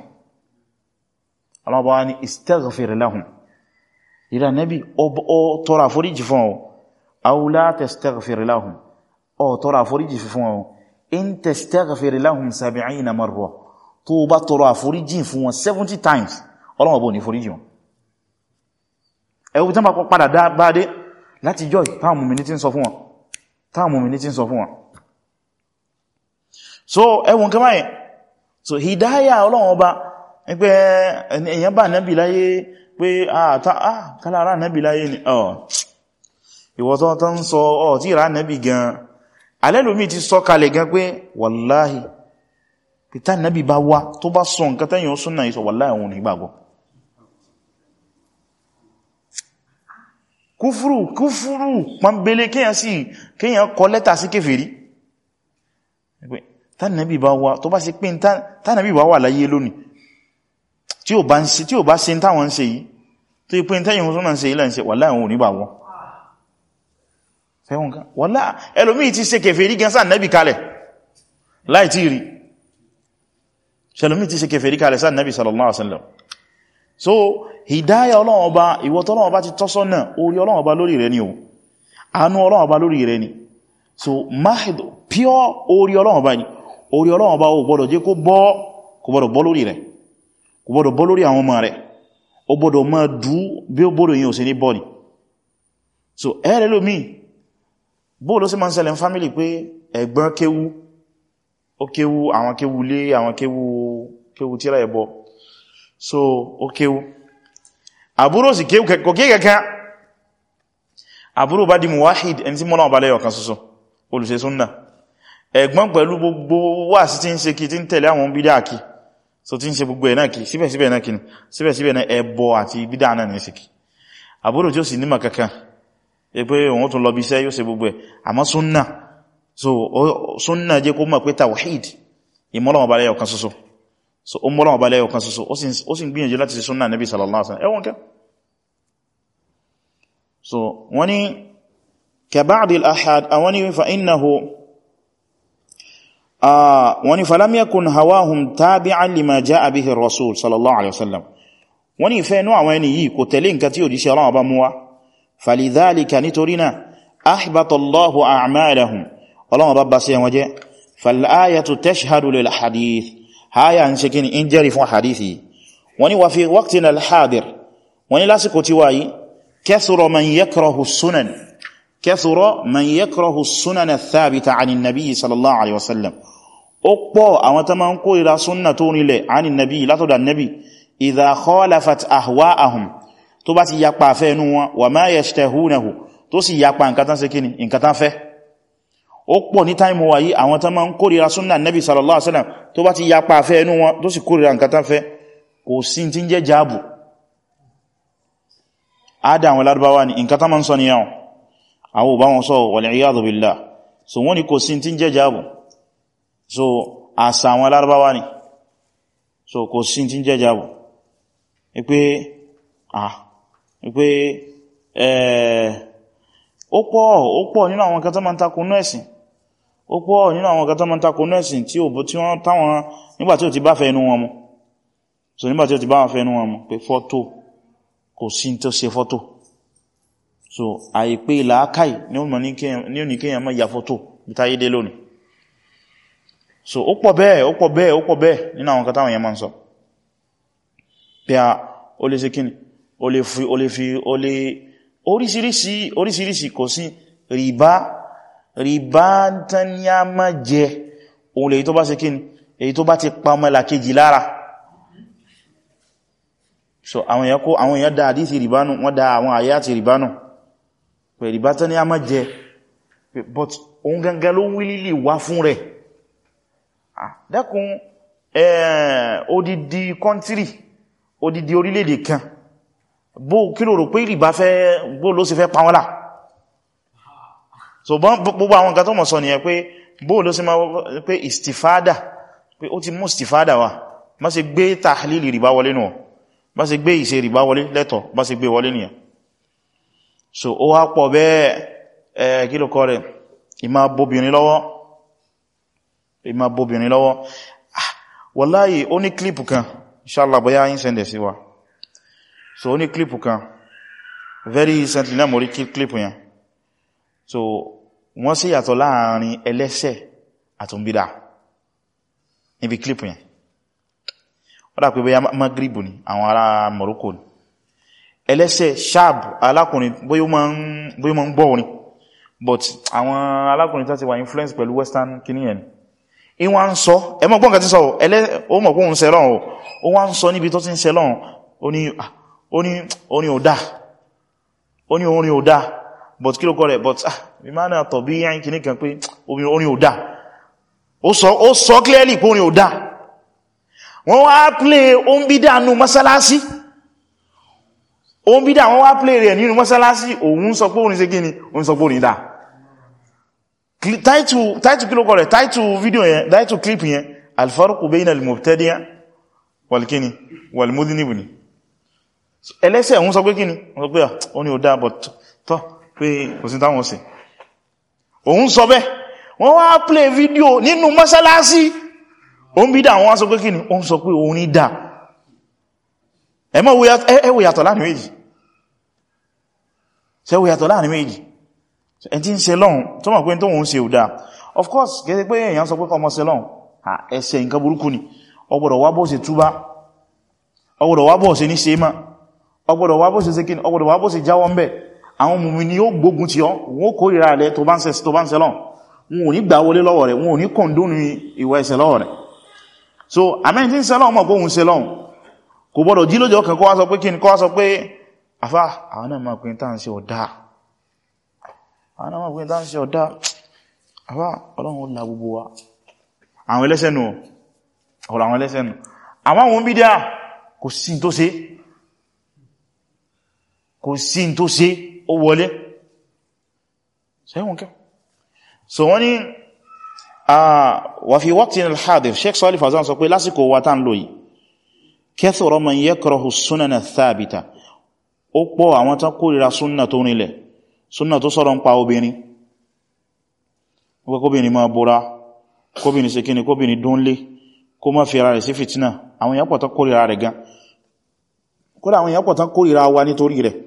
Ọlọ́run bá wá ní istaghfir lahum ìrà nẹ́bí ó tọrọ àforíjì fún ọ aw la tastaghfir lahum ó times Ọlọ́run bá ní foríjì wọn ẹwù tán bá padà bá láti jọ táàmù mi ní tí ń sọ fún wọn táàmù mi ní tí ń sọ fún wọn so ẹwùn kí máyìn so hidaya ọlọ́wọ́n ọba pé èyàn bá nẹ́bì láyé pé àkàlára nẹ́bì láyé ni ọ̀ ìwọ̀tọ́ tó ń sọ ọ̀ tí ìrà nẹ́bì gan alẹ́lòmí ti sọ kalẹ̀ gan pé wàláhì pẹ̀tà nẹ́bì bá wá tó bá sọ nǹkan tẹ́yìn ó súnnà ìsọ wàláhì òun ìgbàgbọ́ kúfúrù kúfúrù pàmbélé kíyàn sí kíyàn kọ lẹ́tà sí kéfèrí tánàbí bá wà tó bá sí pín tánàbí bá wà láyé lónìí tí ó bá ṣe táwọn ń ṣe yìí tó yí pín tẹ́yìn tó náà ṣe ilẹ̀ ṣe wà láàrin òní bà wọ́n fẹ́wọ́n ká wà láà ẹlòmí ti ṣe kèfèrí gẹ́nsà nẹ́bì kalẹ̀ láì tí rí ṣẹlòmí ti ṣe kèfèrí kalẹ̀ sáà nẹ́bì sallallahu alaihi wasallam so hidaya ọlọ́run ọba ìwọ tọ́lọ́run ọba ti tọ́ sọ́nà orí ọlọ́run ọba lórí rẹ ni o àánú ọlọ́run ọba lórí rẹ ni so mahid pure orí ọlọ́run ọba ni orí ọlọ́run ọba o gbọ́dọ̀ jẹ́ kó bọ́ kò gbọ́dọ̀ bọ́ lórí rẹ kò gbọ́dọ̀ bọ́ lórí àwọn ọmọ rẹ o gbọ́dọ̀ máa dú bí ó gbọ́dọ̀ yìí ò sí ní bọ́ ni so ẹ̀rẹ́ lómi bóò ló sì máa ń ṣẹlẹ̀ fámílì pé ẹ̀gbọ́n kéwú ó kéwú àwọn kéwú lé àwọn kéwú tíra ẹ̀bọ̀ so ó kéwú àbúrò sì kéwú kò ké kẹ́kẹ́ di muwahid ẹni tí mọ́nà ọba lẹ́yọ̀ kan ṣoṣo olùṣe súnnà gbogbo wà sí tí se ki so ti ń ṣe gbogbo ẹ̀ sibe sibe síbẹ̀síbẹ̀ sibe-sibe na ebo ati ẹbọ àti bídá náà ní síkì àbúrò si ó sì nímọ̀ kankan gbogbo sunna so tawhid so o mọ́lọ́wọ́ bá lẹ́yọ̀ kan ṣoṣo ó sì ń gbìyànjú láti ṣe súnnà nabi sallallahu alaihi wasallam ẹwọ́n kẹ́ so wọ́n ni ka ba'd al-ahad àwọn ah, ni fa innahu ah, wọ́n ni falam yakun hawahum tabi'an lima ja'a bihi ar-rasul sallallahu alaihi wasallam wọ́n ni ìfẹ́ inú àwọn ẹni yìí kò tẹ̀lé nǹkan tí òjíṣẹ́ Ọlọ́run bá mú wá falidhalika haya ń ṣe kíni in jẹ́rì fún hadithi wani wa fi waqtina al-hadir wani lásìkò ti wáyí kathura man yakrahu sunan kathura man yakrahu sunan athabita anin nabi sallallahu alaihi wasallam ó pọ̀ àwọn tó máa ń kórìíra súnnà tó nílẹ̀ anin nabi látọ̀dà nabi idha khalafat ahwa'ahum tó bá ti yapa àfẹ́ inú wọn wa ma yashtahunahu tó sì yapa nǹkan tán ṣe kíni nǹkan tán fẹ́ ó pọ̀ ní táìmù wà yí àwọn tán máa ń sallallahu alaihi tó bá ti ya afẹ́ ẹnu wọn tó sì kórìíra nǹkan tán fẹ́ kò sí tí ń jẹ́ jáàbù ádá àwọn ni nǹkan tán máa ń sọ àwọn ò bá wọn sọ wal so nwani k'o so ni so k'o eh, ó pọ̀ nínú àwọn kan ó pọ̀ nínú àwọn kátà máa takò nẹ́sìn tí ó bó tí wọ́n táwọn nígbàtí ó ti bá fẹ́ inú wọn mu so nígbàtí ó ti bá fẹ́ inú wọn mu pé fọ́tò kò sí tó ṣe fọ́tò so àìpé làákàì ní oníkèyàn máa ya fọ́tò bítáyé dé lónìí so ó pọ̀ bẹ́ẹ̀ ó pọ̀ bẹ́ẹ̀ ó pọ̀ bẹ́ẹ̀ a ó lè ṣe kíni ó lè fi ó lè fi ó lè oríṣiríṣi oríṣiríṣi kò sí rìbá rìbá tán ní a má jẹ òun lèyí tó bá ṣe kí ní èyí tó bá ti pa mọ́lá kejì lára so àwọn èyàn kó àwọn èyàn dá àdísì rìbánù wọ́n dá àwọn àyá àti rìbánù pé rìbá tán ní a má jẹ but òun gangan ló wílìlì wá fún rẹ̀ dákun eh, odidi kọ́ntírì odidi orílẹ̀-èdè kan bó kí ló rò pé rìbá fẹ́ bó ló sì fẹ́ pa wọ́n láà so gbogbo àwọn nǹkan tó mọ̀ sọ nìyẹn pé bóò ló sí ma pé istifada pé ó ti mú istifada wa má ṣe gbé tahlili riba wọlé nù má ṣe gbé ìṣe rìbá wọlé lẹ́tọ̀ má ṣe gbé wọlé nìyẹn so ó wá pọ̀ bẹ́ẹ̀ kí ló kọ́ rẹ̀ ìmá bóbìnrin lọ́wọ́ ìmá bóbìnrin lọ́wọ́ ah, wàláyé ó ní klípù kan inshallah bóyá yín sẹ́ndẹ̀ sí wa so ó ní klípù kan very recently náà mo rí klípù yẹn so wọ́n sì yàtọ̀ láàrin ẹlẹ́ṣẹ̀ àtúnbídà níbi clip yẹn ó dà pé bóyá magribu ni àwọn ará Morocco ni ẹlẹ́ṣẹ̀ sharp alákùnrin bóyá ó ń gbọ́ orin but àwọn alákùnrin tàti wà influence pẹ̀lú western kìnnìyàn in wá ń sọ ẹmọ́ gbọ́nkà tí sọ ó mọ̀ kóhun sẹ́lọ́n ó wá ń sọ níbi tó ti ń sẹ́lọ́n ó ní ah, but kí ló kọ́ rẹ̀ but ah ìmáàna tọ̀bí yáyìn kì ní kan pé orin ò dá ó sọ clearly pé orin ò dá wọ́n wá play oúnbídà nù mọ́sálásí oúnbídà wọ́n wá play rẹ̀ nínú mọ́sálásí òun sọ pé orin ṣe gíní òun sọ pé orin dá title kí ló kọ́ rẹ̀ title video yẹn title clip yẹn alfaru bayna al-mubtadi' wal-kini ni ẹlẹ́sẹ̀ òun sọ pé kíni òun sọ pé ah, orin ò dá pé kò sí táwọn sí òun sọ bẹ́ wọ́n wá play video nínú mọ́sálásí òun bí dá wọ́n sọ pé kí ni òun sọ pé òun ní dá ẹmọ́ ẹwò yàtọ̀ láàrin méjì ṣẹwò yàtọ̀ láàrin méjì ẹn tí ń ṣe lọ́hun tó mọ̀ pé tó ń ṣe òdá of course gẹ́gẹ́ pé èyàn sọ pé kọmọ ṣe lọ́hun ẹ̀ṣẹ̀ nǹkan burúkú ni ọgbọ̀dọ̀ wá bó ṣe túbá ọgbọ̀dọ̀ wá bó ṣe ní ṣe mọ́ ọgbọ̀dọ̀ wá bó ṣe ṣe kí ọgbọ̀dọ̀ wá ṣe jáwọ́ ń bẹ́ẹ̀ àwọn mùmí ni ó gbógun ti ọ wọ́n kó ìrà rẹ̀ tó bá ń sẹ́sì tó bá ń sẹ́lọ́n wọn ò ní gbà wọlé lọ́wọ́ rẹ̀ wọn ò ní kọ̀ndónú ìwà ẹ̀ṣẹ̀ lọ́wọ́ rẹ̀ so amẹ́ni tí ń sẹ́lọ́n mọ̀ kóhun sẹ́lọ́n kò gbọ́dọ̀ jí lójọ́ kan kó wá sọ pé kí ni kó wá sọ pé afá àwọn náà máa pín tá ń ṣe ọ̀dá àwọn náà máa pín tá ń ṣe ọ̀dá afá ọlọ́run ó la gbogbo wa àwọn ẹlẹ́ṣẹ̀ nù ọ̀rọ̀ àwọn ẹlẹ́ṣẹ̀ nù àwọn àwọn sí tó tó ṣe ó wọlé sẹ́wọ̀n kẹ́ so wọ́n ni wà fi waqtin al-hadir Sheikh Salih Fawzan sọ pé lásìkò wa tá ń lò yìí kathura man yakrahu sunana thabita ó pọ̀ àwọn tán kórìíra súnnà tó rinlẹ̀ súnnà tó sọ̀rọ̀ ń pa obìnrin kóbìnrin máa bóra kóbìnrin ṣe kíni kóbìnrin dúnlé kó má fi ara rẹ̀ sí kódà àwọn èèyàn tán kórìíra wa nítorí rẹ̀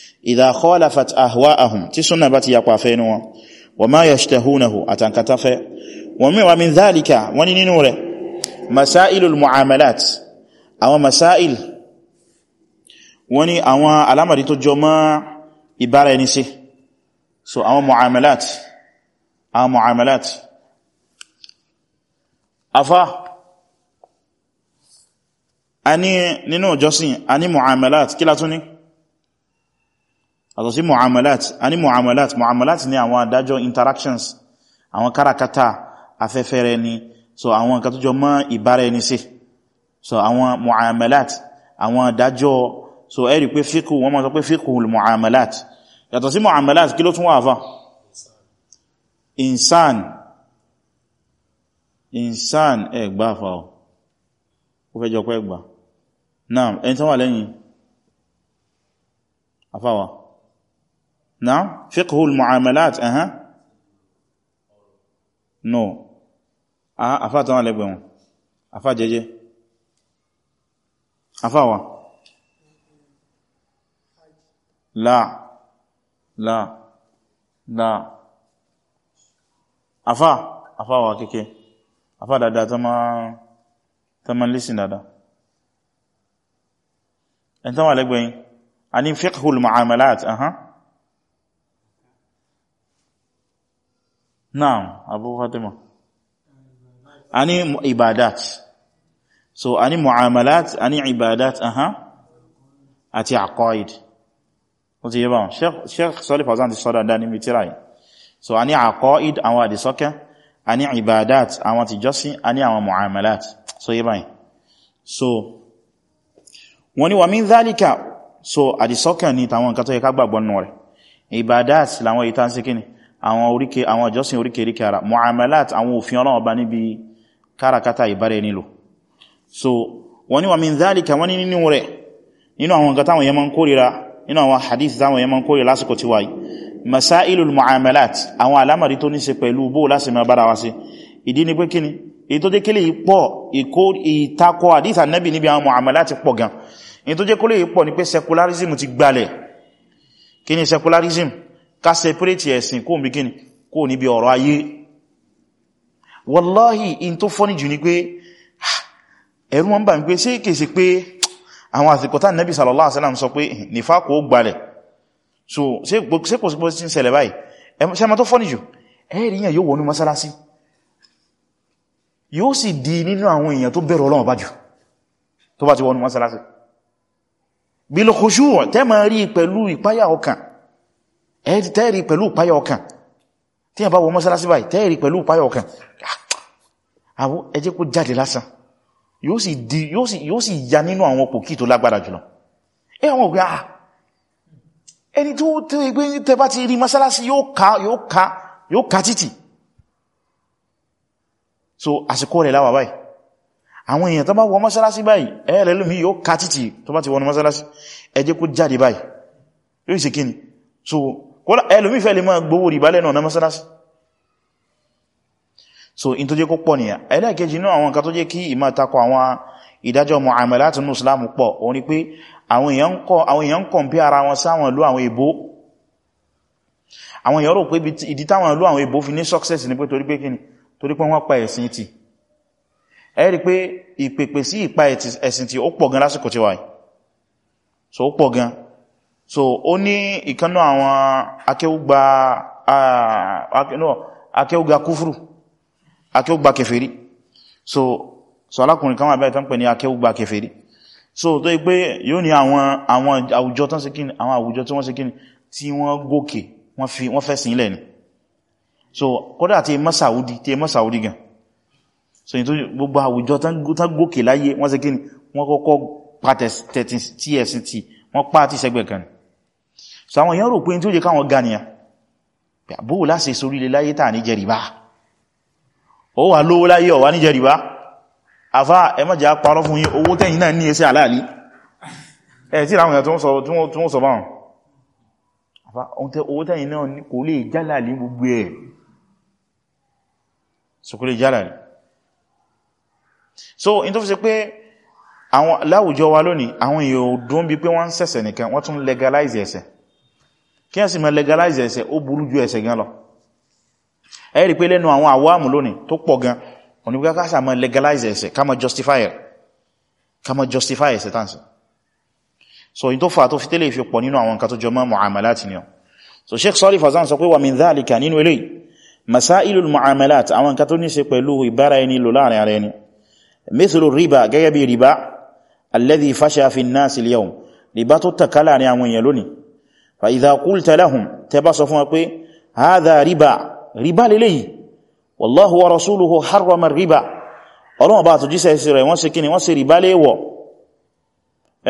idha khalafat ahwa'ahum tí súnà bá ti yapa fẹ́nu wọn wa ma yashtahunahu àtànkata fẹ́ wọn mẹ́wàá min dhalika wọ́n ni nínú rẹ̀ masailul mu'amalat àwọn masail wọ́n ni àwọn alamari tó jọ mọ́ ìbára ẹni sí so àwọn mu'amalat àwọn mu'amalat afá a ní nínú ìjọsìn a ní mu'amalat kí látún ní àtọ̀ sí mu'amalat a ní mu'amalat mu'amalat ní àwọn adájọ́ interactions àwọn karakata afẹ́fẹ́ ni so àwọn nǹkan tó jọ mọ́ ìbára ẹni sí so àwọn mu'amalat àwọn adájọ́ so ẹ̀rí pé fíkù wọ́n máa sọ pé fíkù mu'amalat yàtọ̀ sí mu'amalat kí ló tún wà fà insan insan ẹgbà fà ó fẹ́ jọ pẹ́ gbà náà ẹni tán نعم فقه المعاملات اها نو اه افا تان لي بو افا جيجي افا وا لا لا لا افا افا وا كيكي افا دادا تما تما لسن دادا انت ما لك بين اني فقه المعاملات اها naam abu fatima ani ibadat so ani muamalat ani ibadat aha àti aqaid ó ti yeba sheikh sheikh salih fawzan ti sọ́dá dá ní mitirai so ani aqaid àwọn àdìsọ́kẹ́ ani ibadat àwọn ti jọ́sí ani àwọn muamalat so yeba so wọ́n ní min dhalika so àdìsọ́kẹ́ ni tàwọn nǹkan tó yẹ ká gbàgbọ́ nù rẹ̀ ibadat làwọn àwọn oríkè àwọn ìjọsìn oríkèríkè ara muamalat àwọn òfin Ọlọ́run bá níbi káràkátà ìbára ẹni lò so wọ́n ní wa min dhalika wọ́n ní nínú rẹ̀ nínú àwọn nǹkan táwọn yẹmọ́ ń kórìíra nínú àwọn hadith táwọn yẹmọ́ ń kórìíra lásìkò ti wáyé masailul muamalat àwọn alámàrí tó ní ṣe pẹ̀lú bó láti mẹ́ bára wa sí ìdí ni pé kíni èyí tó jẹ́ kí lè pọ̀ ìkó hadith annabi níbi àwọn muamalat pọ̀ gan èyí tó jẹ́ kó lè pọ̀ ni pé secularism ti gbalẹ̀ kíni secularism ká separate ẹ̀sìn kó níbi kíni kó níbi ọ̀rọ̀ ayé wallahi in tó fọ́nì jù ní pé ah, ẹ̀rù wọn bà ń pé sí kèsì pé àwọn àsìkọ̀tà nẹ́bí sallallahu alaihi wasallam sọ so sí kò sípò sí ṣẹlẹ̀ báyìí ṣe ma tó masalasi yóò sì di nínú àwọn èèyàn tó bẹ̀rù Ọlọ́run bá jù tó masalasi bil khushu' tẹ́ ma rí pẹ̀lú ìpáyà ọkàn tẹ́ẹ̀rí pẹ̀lú ìpáyà ọkàn tí yàn bá wọ mọ́sálásí báyìí tẹ́ẹ̀rí pẹ̀lú ìpáyà ọkàn ah, àwọ́ ẹjẹ́ kó jáde lásán yóò sì ya nínú àwọn pòkí tó lágbára jùlọ ẹ àwọn ògbé àà ẹni tó tẹ́gbé tẹbá ti rí mọ́sálásí yóò ká so àsìkò rẹ̀ láwà báyìí àwọn èèyàn tó bá wọ mọ́sálásí báyìí ẹ̀ẹ́rẹ̀ lómi yóò ká títì tó bá ti wọnú mọ́sálásí ẹjẹ́ kó jáde báyìí yóò sì kíni so ẹlòmí fẹ́ lè máa gbówó rìbá lẹ́nu ọ̀nà mọ́sánásí so in tó jẹ́ kó pọ̀ nìyà ẹlẹ́ẹ̀kejì náà àwọn nǹkan tó jẹ́ kí ìmá takọ àwọn ìdájọ́ muamalat nínú Islam pọ̀ òun ni pé àwọn èèyàn ń kọ̀mpí ara wọn sáwọn ìlú àwọn èbó success ni pé torí pé kíni torí pé wọ́n pa ẹ̀sìn tì ẹ rí pé ìpèpè sí ìpa ẹ̀sìn so ó pọ̀ gan so ó ní ìkanú àwọn akéúgba akéúgba kúfúrù akéúgba kèfèrí so so alákùnrin kan wà bẹ́ẹ̀ tán pè ní akéúgba kèfèrí so tó yí pé yóò ní àwọn àwùjọ tán sí kíni àwọn àwùjọ tí wọ́n sí kíni tí wọ́n gòkè wọ́n fẹ́ sílẹ̀ ni so kódà tí mọ́ Saudi tí mọ́ Saudi gan so yí tó gbogbo àwùjọ tán gòkè láyé wọ́n sí kíni wọ́n kọ́kọ́ pàtẹ̀ tí ẹ̀sìn tí wọ́n pàtẹ̀ sẹ́gbẹ̀ kan so àwọn èèyàn rò pé tí ó jẹ káwọn ga nìyàn bóò láṣe sórí ilé láyé tàà ní jẹrìbá o wà lówó láyé ọ̀wá ní jẹrìbá afá ẹmọ́jẹ́ parọ́ fún yín owó tẹ́yìn náà ní ẹsẹ́ àláàlí ẹ̀ tí àwọn èèyàn tó ń sọ báwọn afá owó tẹ́yìn náà kò lè so kò lè jálàlí so in tó fi ṣe pé àwọn legalize ẹ̀ṣẹ̀ kí ẹ sì mọ́ legalize ẹ̀ṣẹ̀ ó burú ju ẹ̀ṣẹ̀ gan lọ ẹ rí pé lẹ́nu àwọn àwọ́mù lónìí tó pọ̀ gan onígbà ká sàmọ́ legalize ẹ̀ṣẹ̀ ká má justify ẹ̀ ká má justify ẹ̀ṣẹ̀ tàǹsì so in tó fà tó fi tẹ́lẹ̀ fi pọ̀ nínú àwọn nǹkan tó jọ mọ́ mu'amalat ni ọ so Sheikh Salih Fawzan sọ pé wà min dhalika nínú riba gẹ́gẹ́ bí riba alladhi fasha lónìí fa idha qulta lahum tẹbá sọ fún wa pé hadha riba riba lèléyìí wallahu wa rasuluhu harrama riba ọlọ́wọ́ bá àtújísẹ́ sí rẹ̀ wọ́n ṣe kíni wọ́n ṣe riba léèwọ̀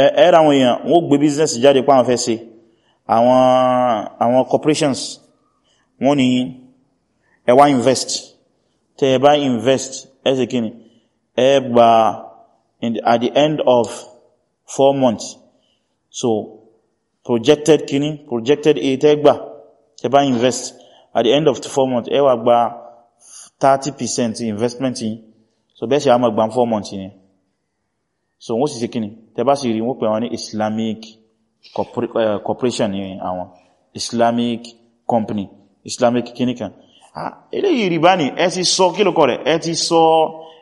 ẹ̀ẹ́ra àwọn èèyàn wọ́n gbé business jáde pàwọn fẹ́ ṣe àwọn corporations wọ́n ni ẹwà invest tẹ́ bá invest ẹsẹ̀ kíni ẹgbà at the end of four months so projected kini projected a tẹ́gbà tẹ́ bá invest at the end of four months ẹ wá gba 30% investment yìí so bẹ́ẹ̀ sì á mọ̀ gba four months yìí so wọ́n sì sí kini tẹ́ bá sì rí wọ́n pè wọ́n ní Islamic eh, corporation ní àwọn Islamic company Islamic kini kan ah, eléyìí rí bá ní ẹ ti sọ kílùkọ rẹ̀ ẹ ti sọ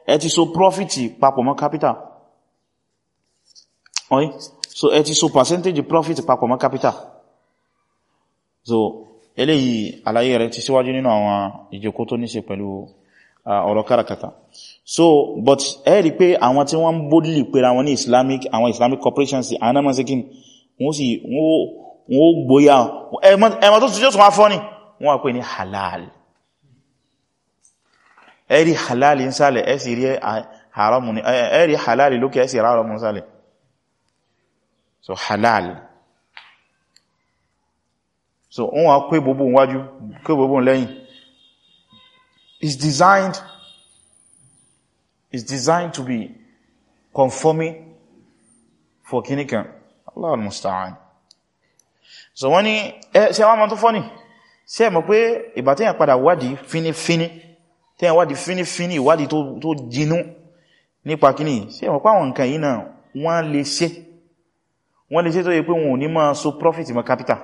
ẹ ti sọ profit papọ̀ mọ́ capital ọ̀yí so ẹ ti so percentage profit papọ̀ mọ́ capital so eléyìí àlàyé rẹ̀ ti síwájú nínú àwọn ìjókòó tó ní ṣe pẹ̀lú ọ̀rọ̀ káràkátà so but ẹ rí pé àwọn tí wọ́n ń boldly pera wọn ní islamic àwọn islamic corporations àwọn náà mọ́sí kíni wọ́n sì wọ́n ó gbóyà ẹ̀mọ́ tó ti jọ́sùn wá fọ́ ni wọ́n wà ní halal ẹ rí halal ń sálẹ̀ ẹ sì rí halal lókè ẹ sì rárọ̀ mú sálẹ̀ so halal so wọ́n wá kó ìbòbò wájú kó ìbòbò lẹ́yìn is designed is designed to be conforming for kinikan Allah al-musta'an so wọ́n ni ṣe wọ́n mọ́ tó fọ́ ní ṣe mọ̀ pé ìgbà tí yàn padà wádìí fínífíní tí yàn wádìí fínífíní ìwádìí tó jinú nípa kíní ṣe mọ̀ pé àwọn nǹkan yìí náà wọ́n lè ṣe wọ́n lè ṣe tó yẹ pé wọn ò ní máa so profit ma capital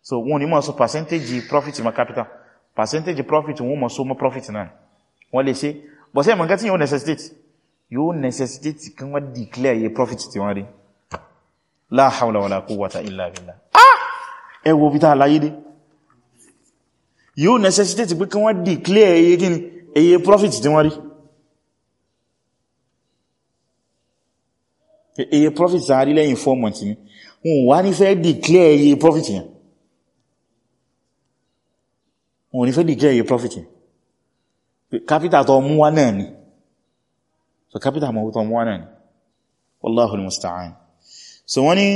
so wọn ò ní máa so percentage profit ma capital percentage profit wọn máa so ma profit náà wọ́n lè ṣe bọ̀ sẹ́yìn mọ̀ká tí yóò necessitate yóò necessitate kan wá declare yẹ profit tí wọ́n rí la hawla wala quwwata illa billah ah ẹwọ bí tá láyé dé yóò necessitate pé kan wá declare yẹ ni èyẹ profit tí wọ́n rí eye profit sàárì lẹ́yìn 4 months ni wọ́n wá ní fẹ́ declare eye profit yẹn wọ́n ní fẹ́ declare eye profit yẹn capital tó mú wá náà ni so capital mọ̀ tó mú wá náà ni wallahu al-musta'an so wọ́n ni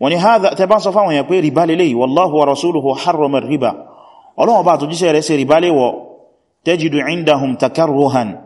wọ́n ni hadha tẹbá sọ fáwọn yẹn pé ribá lélẹ̀ wallahu wa rasuluhu harrama riba ọlọ́wọ́ bá tó jíṣẹ́ rẹ̀ sí ribá léwọ̀ tajidu indahum takarruhan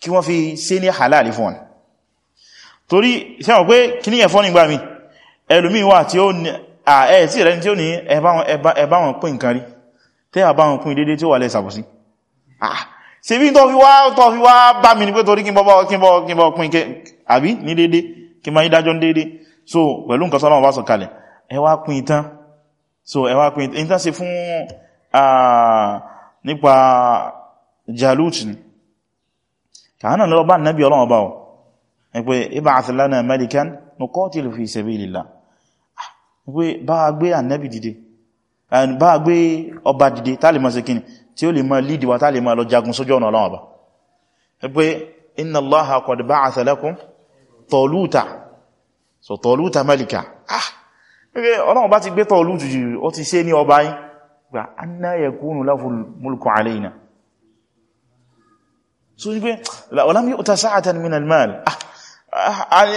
kí wọ́n fi ṣe ní halal fún wọn torí sẹ́wọ̀n pé kí ní ẹ̀fọ́ nígbà mi ẹlòmí wà tí ó ní àẹ́ẹ̀tí rẹ̀ tí ó ní ẹbá wọn pín nǹkan rí tẹ́ àbá wọn pín dédé tí ó wà lẹ́sàbọ̀sí ṣe bí tó fi wá tó fi wá bá mi ní pé torí so pẹ̀lú nǹkan sọ́nà ọba sọ̀kalẹ̀ ẹ wá so ẹ wá pín tán ṣe fún nípa Jalut ni kàánà lọ bá nàbí ọlọ́wọ́ bá ọ pé ib'ath lana malikan nuqatilu fi sabilillah ah, pé bá gbé ànábì dìde bá gbé ọba dìde tààlì máa ṣe kíni tí ó lè máa lídìí wa tààlì máa lọ jagun sójú ọ̀nà ọlọ́wọ́ bá so Tọ̀lúta mẹ́lìkà ah ọlọ́run bá ti gbé Tọ̀lútù jù ó ti ṣe ní ọba so ní pé ọlámi ó ta sáàtàn min almal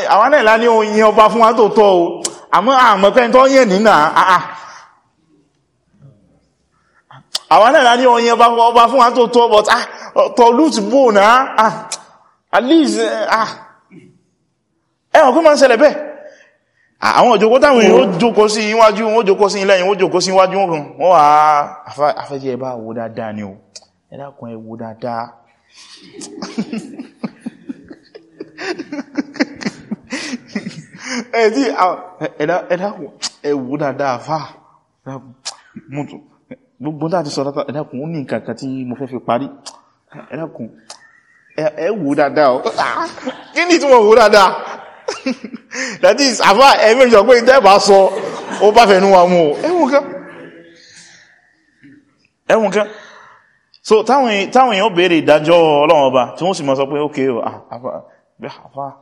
àwọn ẹ̀lá ní oyin ọba fún wa tó tọ́ o àmọ́ àmọ́pẹ́ tó yẹ nínà àà ah, ah. àwọn ẹ̀lá ní oyin ọba fún wa tó tọ́ but tọ́ lútù bò náà at least eh, ah. ẹwọ̀n kó máa ń ṣẹlẹ̀ bẹ́ àwọn òjòkó táwọn èèyàn ó jókó sí iwájú wọn ó jókó sí ilẹ̀ ìwọ́n jókó sí iwájú wọn wọ́n wà afẹ́jẹ́ ẹbá wo dáadáa ni o ẹ̀dàkùn ẹwò dáadáa ẹ̀dí ẹ̀dàkùn ẹ̀wò dáadáa fà gbogbo dáadé sọ dáadáa ẹ̀dàkùn ó ní nǹkankan tí mo fẹ́ fi parí ẹ̀dàkùn ẹ̀wò dáadáa kí ní ìtumọ̀ wò dáadáa that is àfá ẹ̀mí ìjọ pé ìdẹ́bà sọ ó bá fẹ̀nú wa mú ẹ̀wùn kan so táwọn èèyàn bèèrè ìdájọ́ ọlọ́run ọba tí wọ́n sì máa sọ pé ok àfá ah, ah, ah,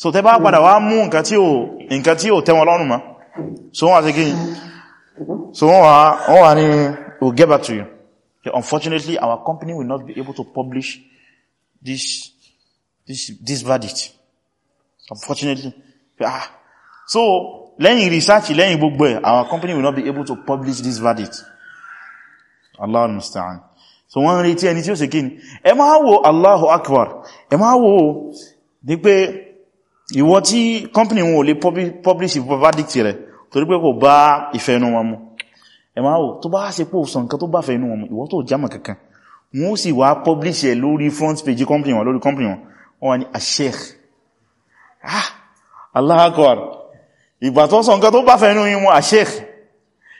so tẹ bá padà wá mú nǹkan tí ò tẹ́wọn lọ́rùn ma so wọ́n àti gíyìn so wọ́n wà ní we'll get back to you okay, unfortunately our company will not be able to publish this this this verdict unfortunately ah so lẹ́yìn research lẹ́yìn gbogbo ẹ̀ our company will not be able to publish this verdict Allah al so wọ́n retí ẹni tí ó sì kí ni ẹ máa wo Allahu Akbar ẹ máa wo ní pé ìwọ tí company wọn ò lè publish verdict rẹ̀ torí pé kò bá ìfẹ́ inú wọn mu ẹ máa wo tó bá ṣe pò sọ nǹkan tó bá fẹ́ inú wọn mu ìwọ tó jámà kankan wọ́n sì wá publish ẹ̀ lórí front page company wọn lórí company wọn wọ́n wá ní ah, Sheikh ah Allahu Akbar ìgbà tó sọ nǹkan tó bá fẹ́ inú wọn mu ah, Sheikh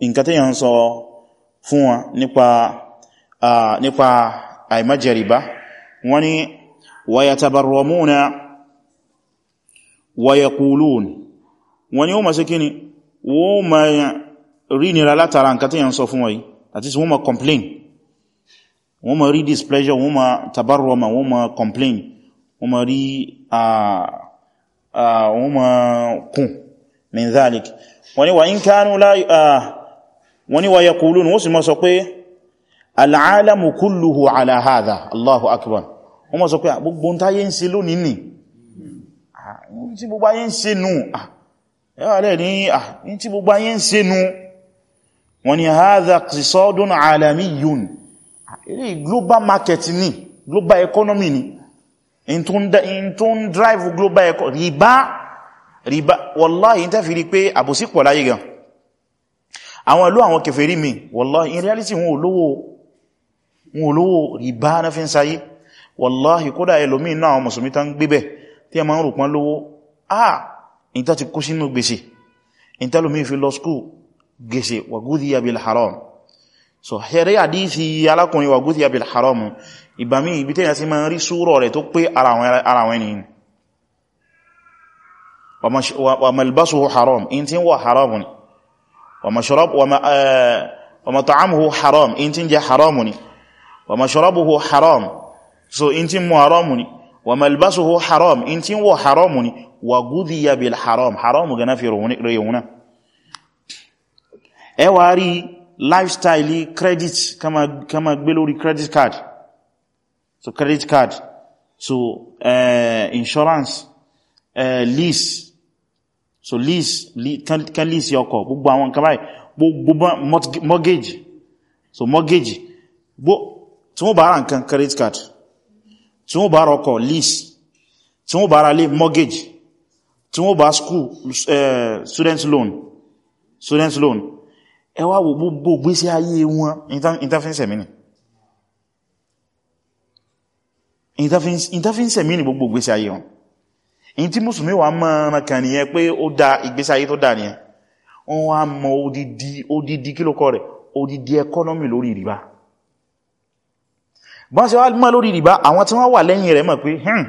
nǹkan tí yàn sọ fún wọn nípa nípa àìmájẹ̀rìbá wọ́n ni wa yatabarramuna wa yaqulun wọ́n ni ó ma sí kíni wọ́n ma rí nira látara wọ́n ma complain wọ́n ma displeasure wọ́n ma tabarrama wọ́n complain wọ́n ma rí wọ́n ma kún min dhalik wọ́n ni wa in kanu la wọ́n ní wa yaqulun wọ́n sì mọ́ sọ pé al'alamu kulluhu ala hadha allahu akbar wọ́n mọ́ sọ pé ah, gbogbo ń táyé ń ṣe lónìí nì ah, tí gbogbo ayé ń ṣe nù ah, tí gbogbo ayé ń ṣe nù ilé global market ni global economy ni in tó ń drive global economy riba riba wallahi ń tẹ́fì rí pé àbòsí pọ̀ láyé gan-an àwọn ìlú àwọn kèfèrí mi wallahi in reality wọn olówó wọn olówó rìbá na fi ń sayé wallahi kódà ẹlòmí náà àwọn mùsùlùmí tán gbébẹ̀ tí a máa ń rò pán lówó ah ìta ti kó sínú gbèsè ìta lómí fi lọ skú so ṣẹ̀rẹ́ àdíṣì alákùnrin wàgúdí abil haram ìbàmí ibi tẹ́yà sí máa ń rí súrọ̀ rẹ̀ tó pé ara wọn wa mat'amuhu eh, haram in tí ń jẹ haramu ni wa mashrabuhu haram so in tí ń mu haramu ni wa malbasuhu haram in tí ń wọ haramu ni wa gudiya bil haram haramu gana fi rayuna ẹ wá rí lifestyle credit kama kama gbé lórí credit card so credit card so uh, insurance uh, lease so lease kan lease ọkọ̀ gbogbo àwọn nǹkan báyìí gbogbo mortgage so mortgage tí wọ́n bá ara nǹkan credit card tí wọ́n bá ara ọkọ̀ lease tí wọ́n bá ara lé mortgage tí wọ́n bá school eh, student loan student loan ẹ wá wo gbogbo gbésí ayé wọn interfínsẹ̀ mìíní interfínsẹ̀ mìíní gbogbo gbésí ayé wọn in tí mùsùlùmí wà mọ́ran kan nìyẹn pé ó dá ìgbésí ayé tó dá nìyẹn wọ́n wá mọ odidi odidi kílòkọ́ rẹ̀ odidi ẹkọ́nọ́mì lórí ìrìbá bọ́n ṣe wá mọ́ lórí ìrìbá àwọn tí wọ́n wà lẹ́yìn rẹ̀ mọ̀ pé hìn hmm,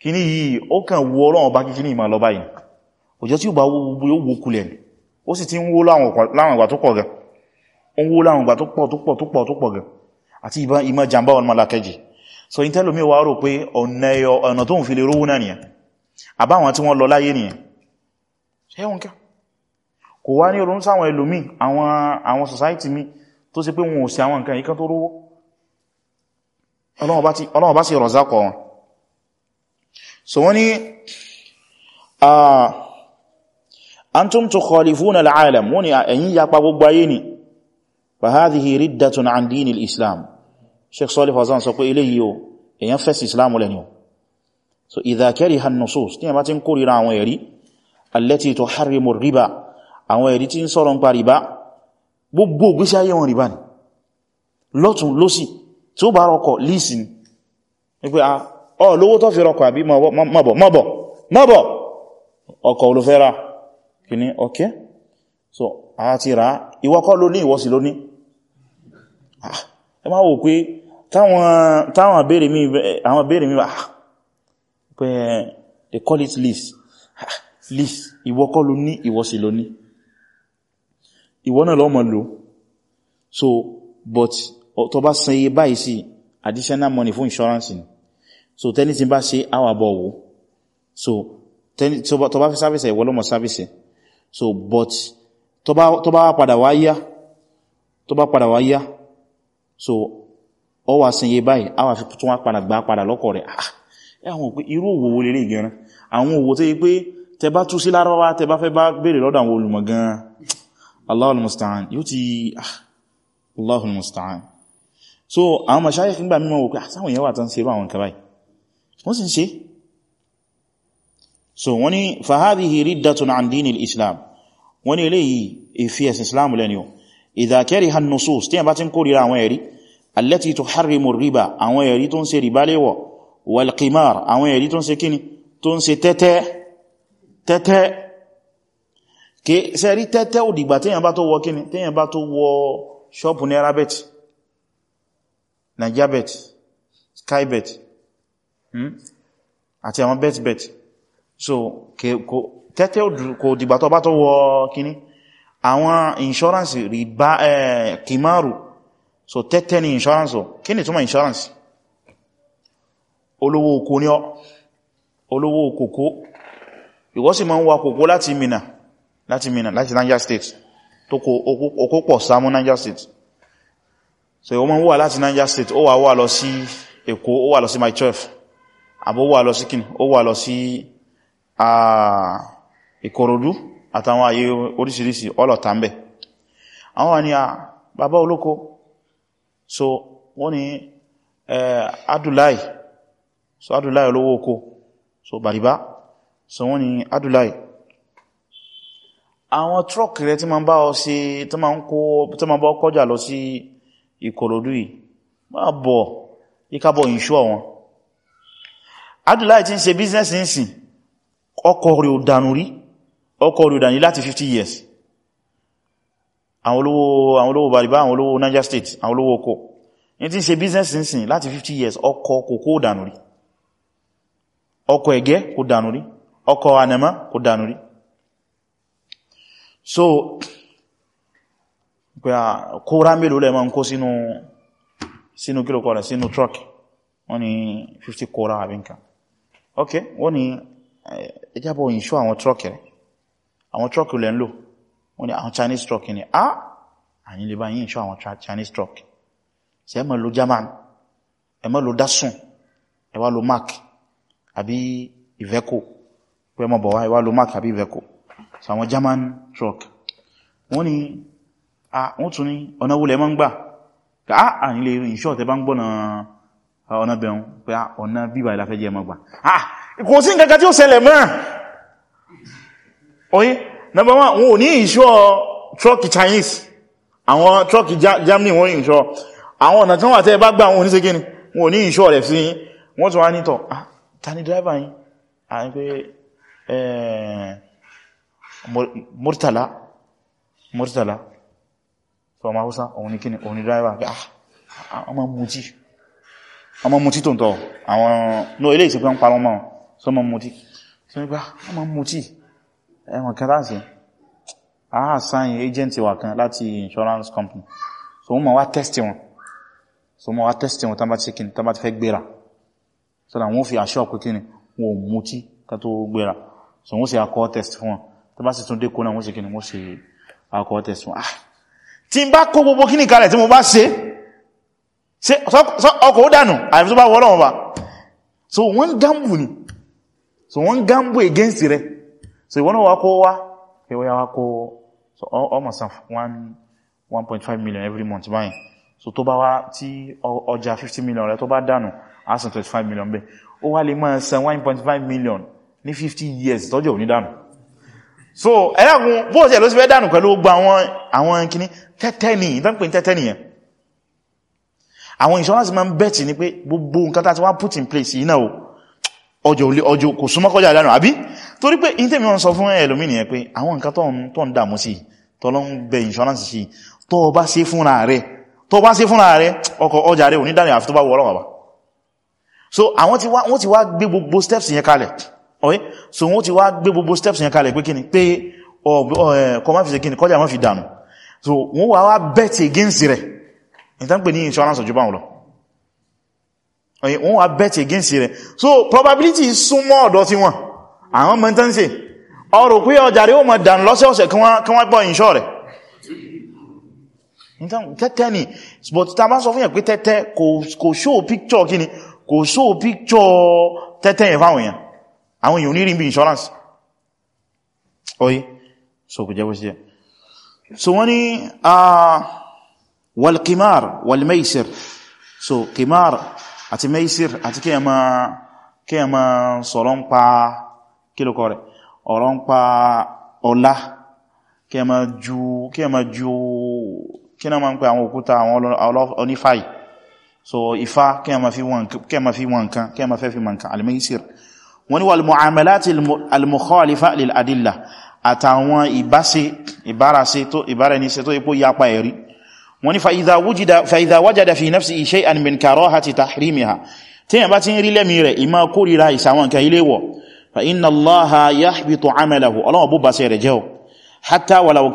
kíní yìí ó kàn wú ọlọ́run bá kíkíní ìmọ̀ lọ báyìí òjò tí ó bá wúwo yóò wó so in tẹ́lómi wà rò pé ọ̀nà ẹyọ ọ̀nà tó ń fi lè rówó náà nìyàn àbáwọn tí wọ́n lọ láyé nìyàn ṣẹ́wọ̀n ká kò wá ní ronú sáwọn ẹlòmí àwọn society mi tó ṣe pé wọn ò sí àwọn nǹkan ìkan tó rówó Ọlọ́run bá sì rọ̀zákọ̀ wọn so wọ́n ni antum tukhalifuna al-alam wọ́n ni ẹ̀yin yapa gbogbo ayé ni fa riddatun an islam sheikh Salih Fawzan sọ pé eléyìí o èyàn fẹ́sì islamu lẹ́ni o so idha kariha an-nusus tí a bá ti ń kórìíra àwọn ẹ̀rí allati tuharrimu riba àwọn ẹ̀rí tí ń sọ̀rọ̀ ń pa riba gbogbo ògbésí ayé wọn riba ni lọ́tún lọ́sì tí ó bá rọkọ̀ líìsì ni wípé a ah, ọ lówó tó fi rọkọ̀ àbí mọ́bọ̀ mọ́bọ̀ mọ́bọ̀ ọkọ̀ olùfẹ́ra kìíní ọkẹ́ so a ti ra ìwọ́kọ́ lóní ìwọ́sí lóní ah, ẹ máa táwọn béèrè mi àwọn béèrè mi wà ah, pé they call it lease ah, lease ìwọ kọ́ ló ní ìwọ sì ló ní ìwọ náà lọ́mọ lò so but tó bá san iye báyìí sí additional money fún insurance so tẹ́ni tí bá ṣe àwà bọ̀ wò so tó bá fi sáfẹ́sẹ̀ ìwọ lọ́mọ service. so but tó bá padà wá yá bá padà wá so ọ wà sin iye báyìí a wà fi tún wá padà gbá padà lọ́kọ̀ rẹ̀ ah, ẹ̀wọ̀n pé irú òwò wo lélẹ̀ gan àwọn òwò tó yí pé tẹ bá tú sí lárọ́wá tẹ bá fẹ́ bá béèrè lọ́dọ̀ àwọn olùmọ̀ gan Allahul musta'an yóò ti ah, Allahul musta'an so àwọn mashayikh nígbà mímọ̀ wò pé àtàwọn ah, èèyàn wà tán allati tuharrimu riba àwọn ẹ̀rí tó ń ṣe riba léwọ̀ wal qimar àwọn ẹ̀rí tó ń ṣe kíni tó ń ṣe tẹ́tẹ́ tẹ́tẹ́ ke ṣe rí tẹ́tẹ́ ò dìgbà téèyàn bá tó wọ kíni téèyàn bá tó wọ ṣọ́ọ̀pù naira bet naija bet sky bet hmm, àti àwọn bet bet so tẹ́tẹ́ kò dìgbà tó bá tó wọ kíni àwọn insurance riba kimaru eh, so tẹ́tẹ́ ni insurance o kí ni túnmọ̀ insurance olówó oko ní ọ́ olówó kòkó ìwọ sì máa ń wa kòkó láti Minna láti Minna láti Niger State tó kó okó pọ̀ sámú Niger State so ìwọ máa ń wà láti Niger State ó wà wà lọ sí Èkó ó wà lọ sí my 12 àbó wà lọ sí kíni ó wà lọ sí Ìkòròdú àtàwọn àyè oríṣiríṣi ọlọ̀tàmbẹ̀ àwọn wà ní bàbá olóko so wọ́n ni adúláì so adúláì olówó oko so bàrìbá so wọ́n ni adúláì àwọn trọ́kì rẹ̀ tí ma ń bá ọ sí tí ma ń kó tí ma bá kọjá lọ sí ìkòròdú yìí máa bọ̀ ìkábọ̀ ìṣọ́ wọn adúláì tí ń ṣe business ń sìn ọkọ̀ rẹ̀ ò dànù rí ọkọ̀ rẹ̀ ò dànù láti 50 years àwọn olówó àwọn olówó bàrìbá àwọn olówó Niger State àwọn olówó oko ní tí ń ṣe business nísìn láti 50 years ọkọ̀ kòkó dànù rí ọkọ̀ ẹ̀gẹ́ kò dànù rí ọkọ̀ ànẹ̀mọ́ kò dànù rí so pé à kó rámèlò lẹ́mọ́ ń kó sínú sínú kílòkọ̀ rẹ̀ sínú truck wọ́n ni 50 kóra àbínká ok wọ́n ni ẹjábọ̀ ìṣọ́ àwọn truck rẹ̀ àwọn truck rẹ̀ ń lò wọ́n ni àwọn Chinese truck ni a ah! àyín lè bá yí ìṣọ́ àwọn Chinese truck ṣé ẹ má lo German ẹ má lo Datsun ẹ wá lo Mack àbí Iveco pé ẹ má bọ̀ wá lo Mack àbí Iveco ṣé àwọn German truck wọ́n ni a wọ́n tún ní ọ̀nà wulẹ̀ mọ́ ń gbà ká ah! àyín lè ìṣọ́ tẹ́ bá ń gbọ́nà ọ̀nà bẹ̀rún pé ah, ọ̀nà bíbà ìlàfẹ́jẹ́ number one wọn ò ní ìṣọ́ trọ́kì Chinese àwọn trọ́kì Germany wọ́n ní ìṣọ́ àwọn ọ̀nà tán wà tẹ́ bá gbà wọn ò ní ṣe kíni wọn ò ní ìṣọ́ rẹ̀ sí wọ́n tún wá nítọ̀ ah, ta ni driver yìí a ń pé eh, Murtala Murtala sọ ma hausa òun ní kíni òun ní driver pé ọmọ ah, mutí ọmọ mutí tó ń tọ àwọn no ilé ìsìnkú ń parọ́ mọ́ sọ ma mutí sọ nípa ah, ọmọ mutí ẹ̀wọ̀n kan láti àá sign agenti wà kan láti insurance company so wọ́n ma wá tẹ́stì wọn so wọ́n ma wá tẹ́stì wọn tán bá ti kíni tán bá ti fẹ́ gbéra so that wọ́n fi àṣọ́ pé kíni wọn ò mú tí ká tó gbéra so wọ́n sì akọ́ test fún wọn tán bá sì tún dé kóná wọ́n sì kíni wọ́n sì akọ́ test fún ah tí n bá kó gbogbo kíni kalẹ̀ tí mo bá ṣe ọkọ̀ ó dànù àìfi tó bá wọ́lọ́wọ́ bá so wọ́n gamble so wọ́n gamble against rẹ̀ so ìwọ́n náà wá kó wá pé wọ́n yá wá kó ọmọ san 1.5 million every month báyìí so tó bá wá tí ọjà 50 million rẹ tó bá dànù á 25 million bẹ́ẹ̀ ó wá lè máa san 1.5 million ní 50 years tọ́jọ́ ò ní dànù so ẹ̀yàkùn bóòsí ẹ̀ ló sì fẹ́ dànù pẹ̀lú gba àwọn kìíní tẹ́tẹ́ nìyí tán pè tẹ́tẹ́ nìyẹn àwọn insurance máa ń bẹ̀tì ní pé gbogbo nǹkan tá ti wá put in place yìí náà ọjọ́ ọjọ́ kò súnmọ́ kọjá ìlànà àbí torí pé in tèmi wọ́n sọ fún ẹlòmínì ẹ pé àwọn nǹkan tó ń dàmú sí tọ́lọ ń bẹ insurance sí tó bá ṣe fúnra rẹ̀ tó ọkọ̀ ọjà rẹ̀ onídàrí àfi tó bá wọ́rọ̀ wà so àwọn tí wọ́n steps yẹn kalẹ̀ ọ̀yẹ́ so wọ́n ti steps yẹn kalẹ̀ pé kíni pé kọ má fi ṣe kíni so wọ́n wá wá bet against rẹ̀ ìtàn pè ní insurance wọ́n wá bet against rẹ̀ so probability súnmọ́ ọ̀dọ̀ tí wọ́n àwọn mọ́ tán sí ọrọ̀ pé ọjà rẹ̀ ó mọ̀ dàn lọ́sẹ̀ọ̀sẹ̀ kí wọ́n pọ̀ ìṣọ́ rẹ̀ tẹ́tẹ́ ni but ta bá sọ fún yẹn pé tẹ́tẹ́ kò show picture kí ni kò show picture tẹ́tẹ́ yẹn fáwọn èèyàn àwọn èèyàn onírin bí insurance oye so kò jẹ́ bó sí ẹ so wọ́n ni ah, wal qimar wal maisir so qimar àti meisir àti kí ẹ ma sọ̀rọ̀ ń pa kílùkọ rẹ̀ ọ̀rọ̀ ń pa ọlá kí ẹ ma ju kí ẹ ma ju kí náà ma ń pẹ àwọn òkúta àwọn onífàì so ifá kí ẹ ma fi wọn nǹkan kí ẹ ma fẹ́ fi nǹkan al-maisir wọ́n ni wà al-mu'amalati al-mukhalifa àtàwọn ìbára tó ipò yapa ẹ̀rí wọ́n ní fa'idha wajada fi nafsihi shay'an min karahati tahrimiha tí yẹn bá ti ń rí lẹ́mí rẹ̀ ìmá kórìíra ìsàwọn nǹkan ilé wọ̀ fa inna Allaha yahbitu amalahu ọlọ́wọ́ bó basẹ̀ rẹ̀ jẹ́ o hatta wa 'ala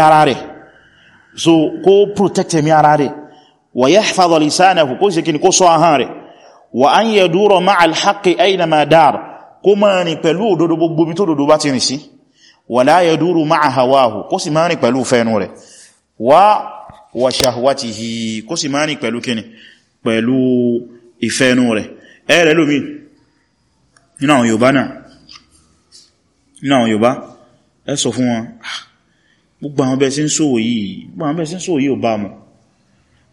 ara rẹ̀ so kó protect ẹ̀mí ara rẹ̀ wa yahfaz lisanahu kó sì kí ni kó ṣọ́ ahọ́n rẹ̀ wa an yadura ma'a al-haqqi aynama dar kó máa rìn pẹ̀lú òdodo gbogbo bí tó dodo bá ti rìn sí wa la yaduru ma'a hawahu kó sì máa rìn pẹ̀lú fẹ́nu rẹ̀ wa wa shahwatihi kó sì máa rìn pẹ̀lú kíni pẹ̀lú ìfẹ́nu rẹ̀ ẹ̀rẹ̀ lómi nínú àwọn Yorùbá náà nínú àwọn Yorùbá ẹ sọ fún ah, gbogbo àwọn bẹ́ẹ̀ sí ń ṣòwò yìí gbogbo àwọn bẹ́ẹ̀ sí ń ṣòwò yìí ò bá mọ̀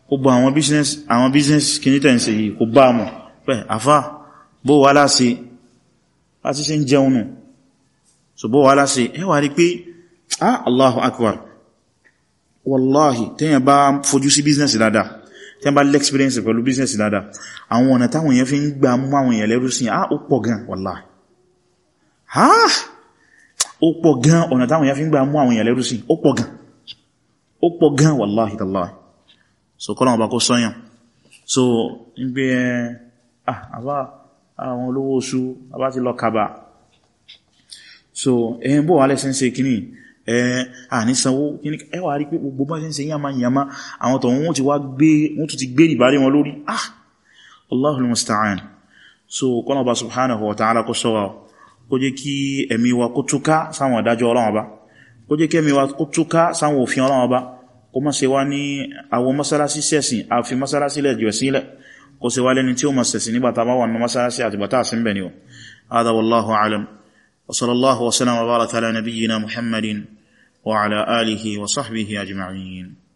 gbogbo àwọn business àwọn business kìíní tẹ̀ ń ṣe yìí kò bá mọ̀ pẹ̀ àfá bó wà láṣe láti ṣe ń jẹun nù so bó wà láṣe ẹ wà rí pé ah Allahu akbar wallahi tẹ́yàn bá fojú sí business dáadáa tẹ́yàn bá experience pẹ̀lú business dáadáa àwọn ọ̀nà táwọn èèyàn fi ń gbà mú àwọn èèyàn lẹ́rú sí ah ó pọ̀ gan wallahi ah ó pọ̀ gan ọ̀nà táwọn èèyàn fi ń gbà mú àwọn èèyàn lẹ́rú sí ó pọ̀ gan ó pọ̀ gan wàláhì tàláhì so kọ́lọ̀ ọba kó sọ́yàn so ń gbé ah, àbá àwọn olówó oṣù àbá ti lọ kaba so ẹ̀yìn bó wà lẹ́sẹ̀ ń ṣe ànísanwó kíní ẹwà rí pé gbogbo bá ṣe yàmá yàmá àwọn tọ̀hún wọ́n ti wá gbé wọ́n tún ti gbé ìbárí wọn lórí ah Allahul musta'an so kọ́lọ̀ ọba subhanahu wa ta'ala kó sọ́wọ́ kódjé kí ẹ̀mí wa kutuka túká sáwọn ìdájọ́ ọlọ́wọ́n bá kí ẹ̀mí wa kutuka túká sáwọn òfin ọlọ́wọ́n bá kó má se wá ní àwọn mọ́sálásí sẹ́sìn àfi mọ́sálásí lẹ̀ jùlọ sílẹ̀ kó se wá lẹ́ni tí ó mọ̀ sẹ̀sìn nígbà tá a bá wà nínú mọ́sálásí àti bàtà sí mbẹ̀ ni awon mosalasi sesin afi mosalasi le julo sile ko se wa leni ti o mo sesin nigba ta ba wa ninu mosalasi ati bata si mbe ni o ada wallahu alam wa sallallahu wa sallam wa bala tala nabiyina muhammadin wa ala alihi wa sahbihi ajma'in.